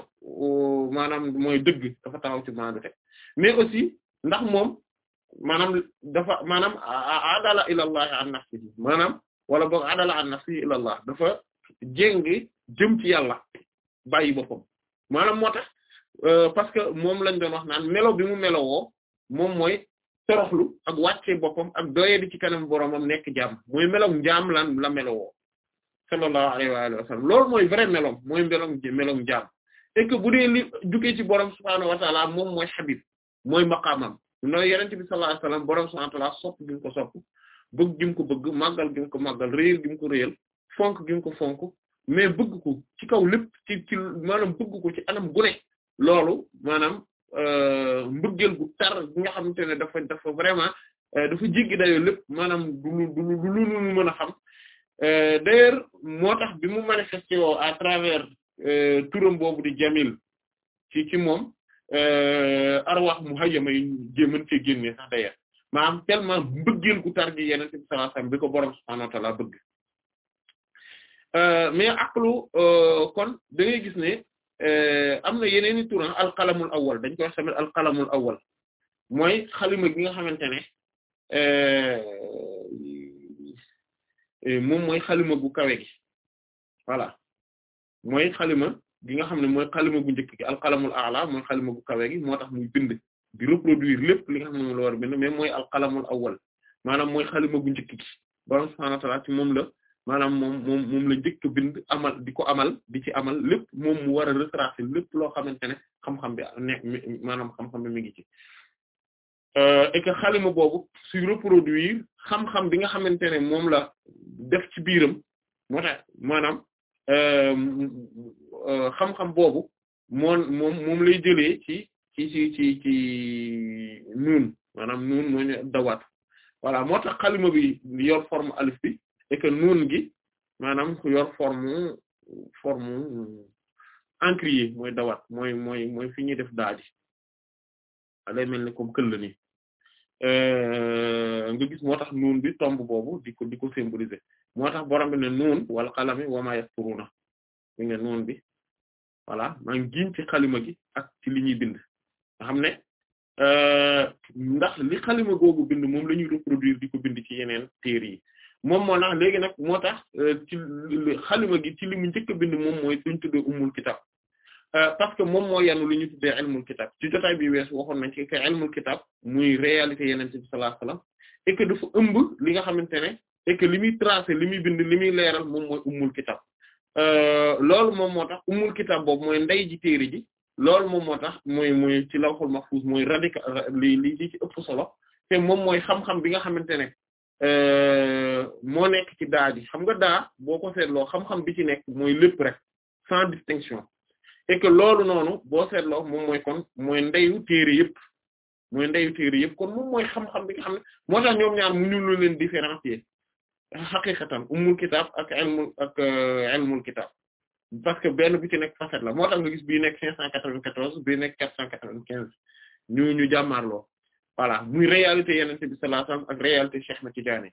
maanaam mooy dëgg dafa taxaw ci maandute mais aussi ndax moom maanaam dafa maanaam adala ila allah an nafsihi maanaam wala boog adala an nafsihi ila allah dafa jéng jëm ci yàlla bàyyi boppam maanaam moo tax euh, parce que moom lañ doon wax naan melo bi mu melowoo moom mooy toroxlu ak wàccee boppam ak doyadi ci kanam boromam nekk jaam mooy meloom jaam lan la melowoo sallallahu alayhi wa sallam loolu mooy vrai meloom mooy meloom meloom jaam et que bu dee li jugee ci borom subhaanahu wa taala moom mooy xabib mooy maqaamam no yenente bi sallallahu alayhi wa sallam borom subhaanahu wa taala sopp gi ko sopp bëgg gi mu ko bëgg màggal gi ko màggal réyal gi ko réyal fonk gi ko fonk mais bëgg ko ci kaw lépp ci ci maanaam bëgg ko ci anam gu loolu maanaam Euh, mbëggeel gu tar bi nga xamante ne dafa dafa vraiment euh, dafa jéggi dayoo lépp maanaam du lu du lu lu mën a xam euh, d'ailleurs moo tax bi mu manifesté woo à travers turam boobu di Jamil ci ci moom arwax mu xajama yi jéeman cee génnee sax d'ailleurs maanaam tellement mbëggeel gu tar gi yeneen bi sallallahu alayhi wasallam bi ko boroom subhaanahu wa ta'aala bëgg kon da ngay gis ne Eh, am na yeneen i turan alqalamul awwal dañ koy wax tamit alqalamul awwal mooy xalima gi nga xamante ne eh, eh, moom mooy xalima gu kawe gi voilà mooy xalima gi nga xam ne mooy xalima gu njëkk gi alqalamul a'la mooy xalima gu kawe gi moo tax muy bind di reproduire lépp li nga xam ne moom la war a bind mais mooy alqalamul awwal maanaam mooy xalima gu njëkk gi borom moom la maanaam moom moom moom la njëkk bind amal di ko amal di ci amal lépp moom mu war a retracer lépp loo xamante ne xam-xam bi ne maanaam xam-xam bi mi ngi ci euh, et que xalima boobu su produit xam-xam bi nga xamante ne moom la def ci biiram moo tax maanaam euh, euh, xam-xam boobu moom moom moom lay jëlee ci ci ci ci ci nuun maanaam nuun moo ñu dawaat moo tax xalima bi yor forme alif bi et que gi maanaam ku yor forme forme encrier dawat mooy mooy fi ñuy def daaji alay ah, mel ni comme këll nii euh, nga gis moo tax nuun bi tomb boobu di ko di ko symboliser moo tax borom bi ne nuun wal qalami wa ma yasturuna mi nga nuun bi voilà maa ngi ci xalima gi ak ci li ñuy bind nga xam ne euh, ndax li xalima googu bind moom la ñuy reproduire di ko bind ci yeneen téere yi moom moo tax léegi nag moo tax euh, ci xalima gi ci li njëkk bind moom mooy duñ tuddee ummul kitab euh, parce que moom moo yanu li ñu tuddee ilmul kitab ci jotaay bi wees waxoon nañ ci que ilmul kitab muy réalité yeneen bi sallallahu alayhi wasallam et que dafa ëmb li nga xamante ne et li muy tracé li muy bind li muy leeral moom mooy ummul kitab euh, loolu moom moo tax ummul kitab boobu mooy ndey ji téere ji loolu moom moo tax muy mooy ci lawhul mahfuz muy radical li li ci ëpp solo te moom mooy xam bi nga xamante ne Euh, moo nekk ci daa xam nga daa boo ko seetloo xam-xam bi ci nekk mooy lépp sans distinction et que loolu noonu boo seetloo moom mooy kon mooy ndeyu téere yëpp mooy ndeyu téere yëpp kon moom mooy xam-xam bi ñoom ñaar mu ñu lu leen différencier xaqiqatan ummul kitaab ak ilmul ak euh, kitaab parce que benn bu ci nekk facette la moo nga gis bii nekk cinq cent quatre-vingt-quatorze bii nekk quatre cent quatre-vingt-quinze ñu ñu jàmmaarloo voilà muy réalité yenente bi sallallahu alayhi wa sallam réalité Cheikh na Tidiane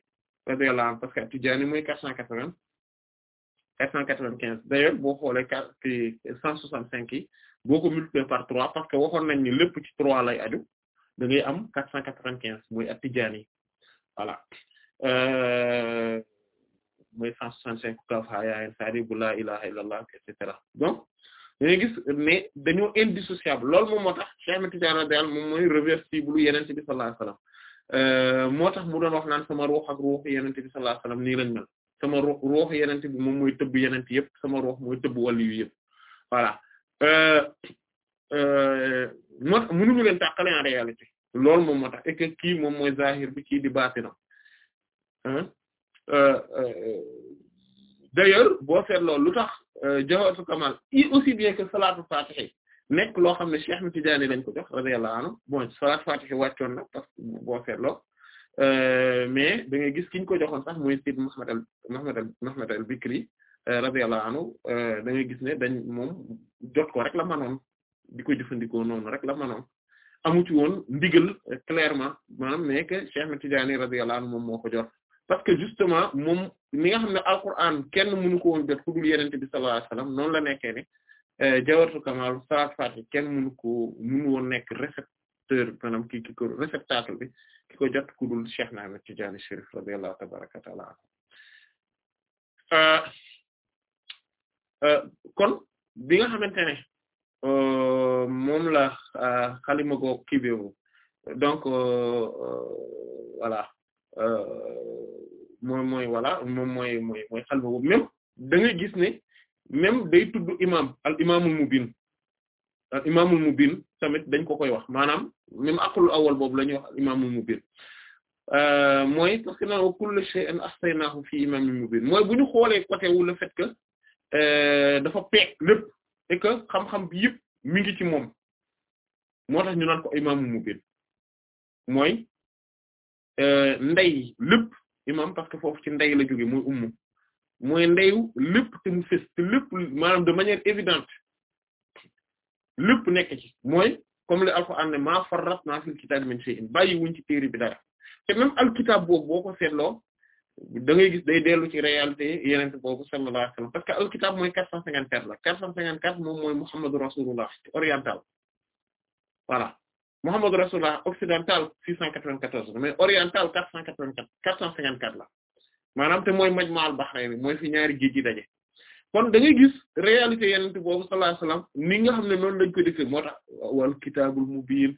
parce que Tidiane mooy quatre cent quatre-vingts quatre cent quatre-vingt-quinze d'ailleurs boo xoolee quatre cent soixante-cinq yi boo ko multiplier par trois parce que waxoon nañ ni lépp ci trois lay aju da ngay am quatre cent quatre-vingt-quinze mooy at Tidiane yi voilà euh, mooy cent soixante-cinq kaf ha yaayeen sadi bu laa ilaha illallah et dañuy gis ne dañoo indissociable loolu moom moo tax Cheikh Ahmed Tidiane radiyallahu anhu moom réversible yenente bi sallallahu alayhi wasallam euh, moo tax mu doon wax naan sama ruux ak ruuxu yenente bi sallallahu alayhi wasallam nii lañ mel sama ruuxu yenente bi moom mooy tëbb yenente yëpp sama ruux mooy tëbb wàll yu yëpp voilà euh, euh, moo tax mënuñu leen tàqale en réalité loolu moom moo tax et que kii moom mooy zahir bi kii di baatinam d'ailleurs boo seet lu tax Euh, Jawharatul Kamal i aussi bien que salaatul Fatihi nekk loo xam ne Cheikh Ahmed Tidiane lañ ko jox radiyallahu anhu bon salaatul Fatihi wàccoon na parce que boo euh, mais da gis ki ko joxoon sax mooy Sidi Mouhamed al Mouhamed al Mouhamed al Bikri euh, radiyallahu anhu da gis ne dañ moom jot ko rek la manoon di ko jëfandikoo noonu rek la manoon amu ci woon ndigal clairement maanaam mais que Cheikh Ahmed Tidiane radiyallahu anhu moom moo ko jox. parce que justement moom ni nga xam ne alquran kenn mënu ko woon jot ku dul yenente bi sallallahu alayhi noonu la nekkee ne euh, kamal salat fati kenn mënu ko récepteur maanaam ki ki ko réceptacle bi ki ko jot ku dul Cheikh Ahmed Tidiane Chérif radiyallahu tabaraka wa taala euh, euh, kon bi nga xamante ne moom la xalima goo kii donc voilà Euh, mooy mooy voilà moom mooy mooy mooy boobu même da ngay gis ne même day tudd imam al imaamul mubin al imaamul mubin tamit dañ ko koy wax maanaam même aqlul awal boobu la ñuy wax al imaamul mubin euh, mooy parce que na wa kullu shay'in ahsaynahu fi imaamul mubin mooy bu xoolee côté wu le fait euh, dafa peek lépp et que xam-xam bi yëpp mi ngi ci moom moo tax ñu naan ko imaamul mubin mooy Euh, ndey lépp imam parce que foofu ci ndey la jóge mooy ummu mooy ndeyu lépp te mu fës te maanaam de manière évidente lépp nekk ci mooy comme li alxuraan ne maa farratnaa fil kitaabi min shay'in bàyyi wuñ ci téere bi dara te même alkitab boobu boo ko seetloo da ngay gis day dellu ci réalité yeneen boobu sallallahu alayhi wasallam parce que alkitab mooy 454 la 454 moom mooy Muhammadu rasulullah oriental voilà Muhammad Rasulullah occidental 694 mais oriental 484 454 la maanaam te mooy Majma al-Bahrayn mooy fi ñaari géej gi daje kon da ngay gis réalité yenente boobu sallallahu alayhi wasallam ni nga xam ne noonu lañ ko defee moo tax wal kitaabul mubiin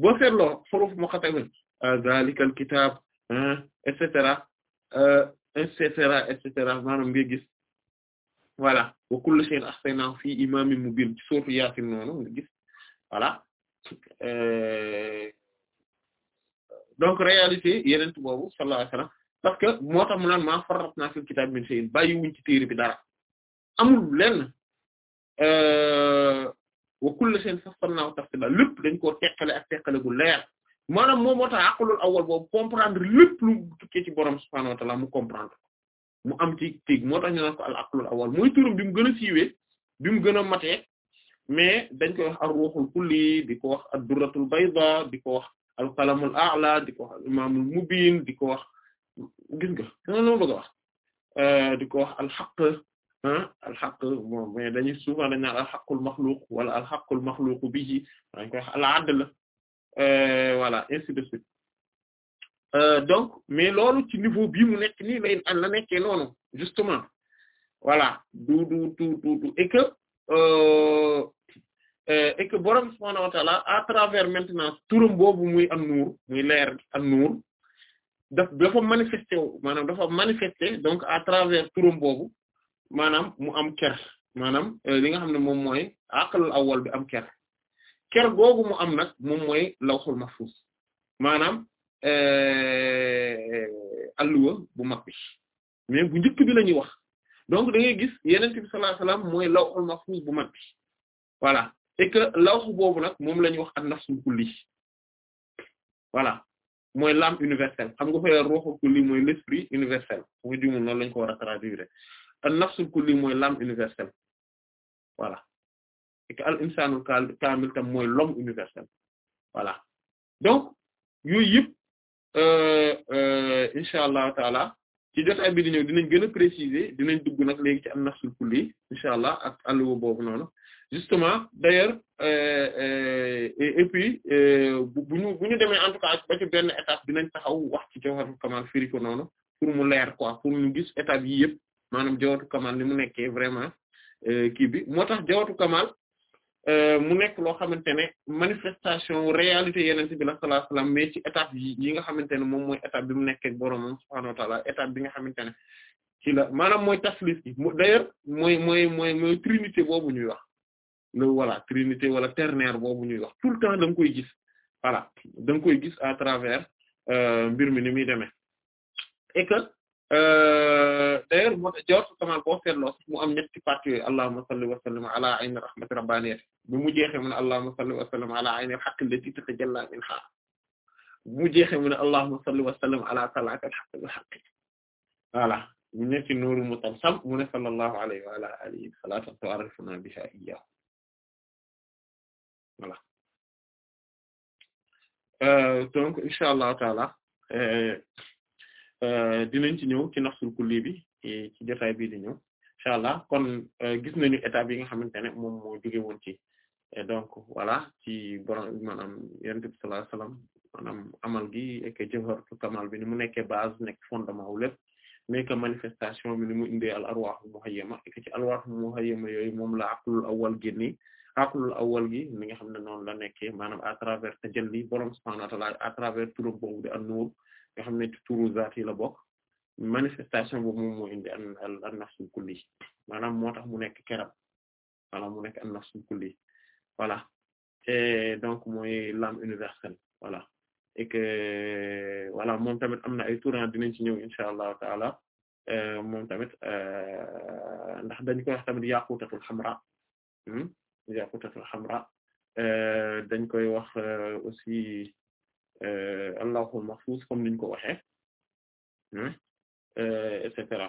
boo seetloo xuruf muqatta'a zalikal kitaab et cetera euh, et cetera et cetera maanaam ngay gis voilà wa fi imaamin mubiin ci sourate Yaasin noonu nga gis Euh, donc réalité yeneen boobu sallallahu alayhi parce que moo tax mu naan maa farratna fil kitab min shay'in bàyyi wuñ ci téere bi dara amul lenn euh, wa kullu shay'in fassalnahu tafsila lépp dañ koo teqale ak teqale gu leer maanaam moom moo tax aqlul awwal boobu comprendre lépp lu tukkee ci borom subhaanahu mu comprendre mu am ci tig moo tax ko al aqlul awwal mooy turam bi mu gën a siiwee bi mu gën a matee mais dañ koy wax ar-ruhul di ko wax ad-durratul bayda di ko wax al-qalamul a'la di ko wax al-imamul mubin di ko wax gis nga dana la bëgg wax euh, di ko wax al-haqq ah al-haqq mais dañuy souvent dañ naan al-haqqul makhluq wala al-haqqul makhluq bihi dañ koy wax al-'adl euh, voilà ainsi de suite euh, donc mais loolu ci niveau bii nekk nii lay la nekkee noonu justement voilà du du du du Euh, euh, et que borom subhaanahu wa ta'ala à travers maintenant turam boobu muy an-nuur muy leer an-nuur daf dafa manifesté maanaam dafa manifesté donc à travers turam boobu maanaam mu am ker maanaam euh, li nga xam ne moom mooy aqlul awwal bi am ker ker googu mu am nag moom mooy ma mahfuz maanaam alluwa bu mag bi mais bu njëkk bi la ñuy wax. donc da ngay gis yeneen bi sallallahu alayhi wasallam mooy lawhul mahfuz bu mat bi voilà et que lawh boobu nag moom la wax an-nafsul kulli voilà mooy l'âme universelle xam nga fa ruuhul kulli mooy l'esprit universel bu jumul ko war a traduire an-nafsul kulli mooy l'âme universelle voilà et que al-insaanul kaamil tam mooy l'homme universel voilà donc yooyu yëpp euh, euh, incha allah taala ci jotaay bi di ñëw dinañ gën a préciser dinañ dugg nag léegi ci am nax sul kulli yi allah ak àlluwa boobu noonu justement d'ailleurs euh, euh, et puis euh, bu ñu bu ñu demee en tout cas ba ci benn étape dinañ taxaw wax ci jawharatul kamal firi noonu pour mu leer quoi pour ñu gis étape yi yëpp maanaam jawharatul kamal ni mu nekkee vraiment kii bi moo tax jawharatul kamal Euh, mu nekk loo xamante ne manifestation réalité yenente bi la sallallahu alayhi wasallam mais ci étape yi yi nga xamante ne moom mooy étape bi mu nekkee boroomam subhaanahu wa ta'ala étape bi nga xamante ne ci la maanaam mooy taslis gi d'ailleurs mooy mooy mooy mooy trinité boobu ñuy wax le voilà trinité wala ternaire boobu ñuy wax tout le temps da koy gis voilà da koy gis à travers euh, mbir mi ni muy demee Euh, d'ailleurs moo jawatu samaan boo seetloo mu am ñetti parties yooyu allahumma salli wa sallim ala ayni rahmati rabbaniyati bu mu jeexee mu ne allahumma salli wa sallim ala ayni al-haqqi allati tatajalla minha bu mu jeexee mu ne allahumma salli wa sallim ala tal'ati al-haqqi bil-haqqi voilà mu ne ci nuurul mutamsam mu ne sallallahu alayhi wa ala alihi salatan tu'arrifuna biha iyyahu voilà euh, donc incha allah taala euh, Euh, dinañ ci ñëw ci nafsul kulli bi ci jotaay bii di ñëw incha allah kon euh, gis nañu état bi nga xamante ne moom moo jóge woon ci euh, donc voilà ci borom maanaam yonent bi sallallahu alayhi wasallam maanaam amal gi ek jawharatu bi ni mu nekkee base nekk fondement wu lépp mais que manifestation bi nu mu indee al arwaahu muhayyama ek ci arwaahu muhayyama yooyu moom la aqlul awwal génni aqlul awwal gi mi nga xam ne noonu la nekkee maanaam à travers tajalli borom subhaanahu wa ta'aala à travers turam boobu di an-nuur nga xam ne ci turu la bokk manifestation boobu moom moo indi an maanaam moo tax mu nekk keram voilà mu nekk an nafsul kulli voilà donc mooy l'âme universelle voilà et moom tamit am na ay tourant ah, dinañ ci ñëw incha allahu taala euh, moom tamit euh, ndax dañ koy wax tamit yaqutatul xamra hmm? yaqutatul euh, koy wax aussi Euh, allahul mahfuz comme niñ ko waxee hmm? euh, et cetera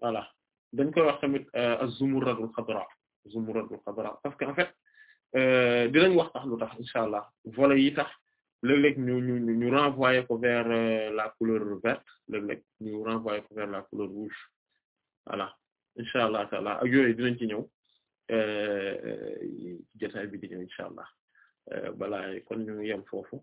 voilà dañ koy wax tamit euh, az-zumuradul xadra zumuradul xadra parce que en fait dinañ wax tax lu tax allah volets yi tax léeg-léeg ñu renvoyer ko vers la couleur verte léeg-léeg ñu renvoyer ko vers la couleur rouge voilà incha allah taala ak yooyu dinañ ci ñëw jotaay bi di ñëw incha allah balaa kon ñu yem foofu.